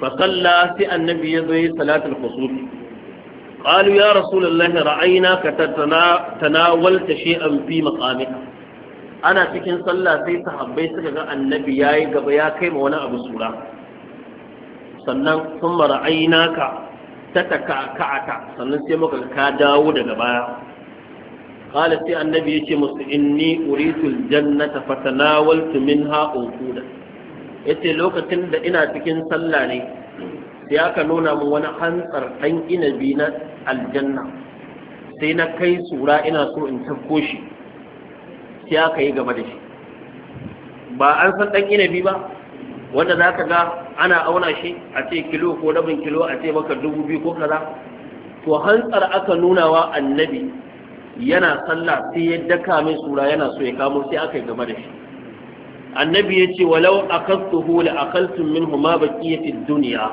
Fasalla sai annabi ya zo yi salatul kusufi qalu ya rasulullahi ra'aynaka tanawalta an fi maqamika ana cikin sallah sai sahabbai suka ga annabi ya yi gaba ya kai ma wani abu sura sannan sun mara'ainaka ta taka'ata sannan sai muka ka dawo daga baya qala sai annabi yace musu inni uritu aljannata fatanawaltu minha uquda yace lokacin da ina cikin sallah ne sai aka nuna min wani hantsar dan inabi na aljanna sai na kai sura ina so in tafko shi sai aka yi gaba da shi ba an san dan inabi ba wanda za ka ga ana auna shi a ce kilo ko rabin kilo a ce maka dubu biyu ko kaza to hantsar aka nunawa annabi yana sallah sai ya daka mai sura yana so ya kamo sai aka yi game da shi annabi ya ce walau akaltuhu la akaltum minhu ma fi dunya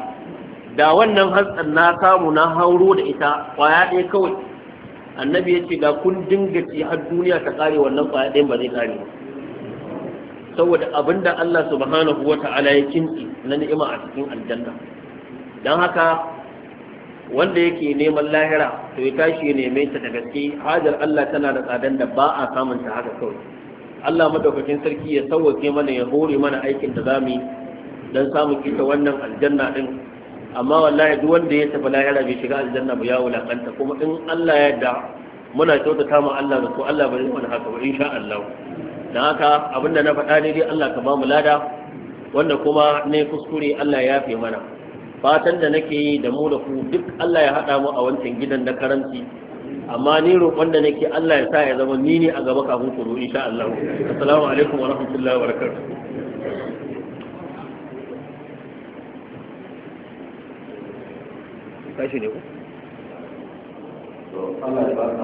da wannan hatsar na samu na hauro da ita kwaya ɗaya kawai annabi ya ce da kun dinga ci har duniya ta kare wannan kwaya ɗayan ba zai kare ba saboda abinda Allah subhanahu ta'ala ya kinki na ni'ima a cikin aljanna Don haka wanda yake neman lahira to ya tashi ya neme ta da gaske hajar Allah tana da tsadan da ba a samun ta haka kawai Allah madaukakin sarki ya sauwake mana ya hore mana aikin da zamu dan samu kita wannan aljanna din amma wallahi duk wanda ya tafi lahira bai shiga aljanna ba ya wulakanta kuma in Allah ya yarda muna kyautata mu Allah da ku Allah bai mana haka ba insha Allah dan haka abinda na faɗa ne dai Allah ka ba mu lada wanda kuma ne kuskure Allah ya fi mana fatan da nake yi da mu da ku duk Allah ya haɗa mu a wancan gidan na karanci amma ni roƙon da nake Allah ya sa ya zama ni ne a gaba kafin ku zo insha Allah assalamu alaikum wa rahmatullahi wa barakatuh ne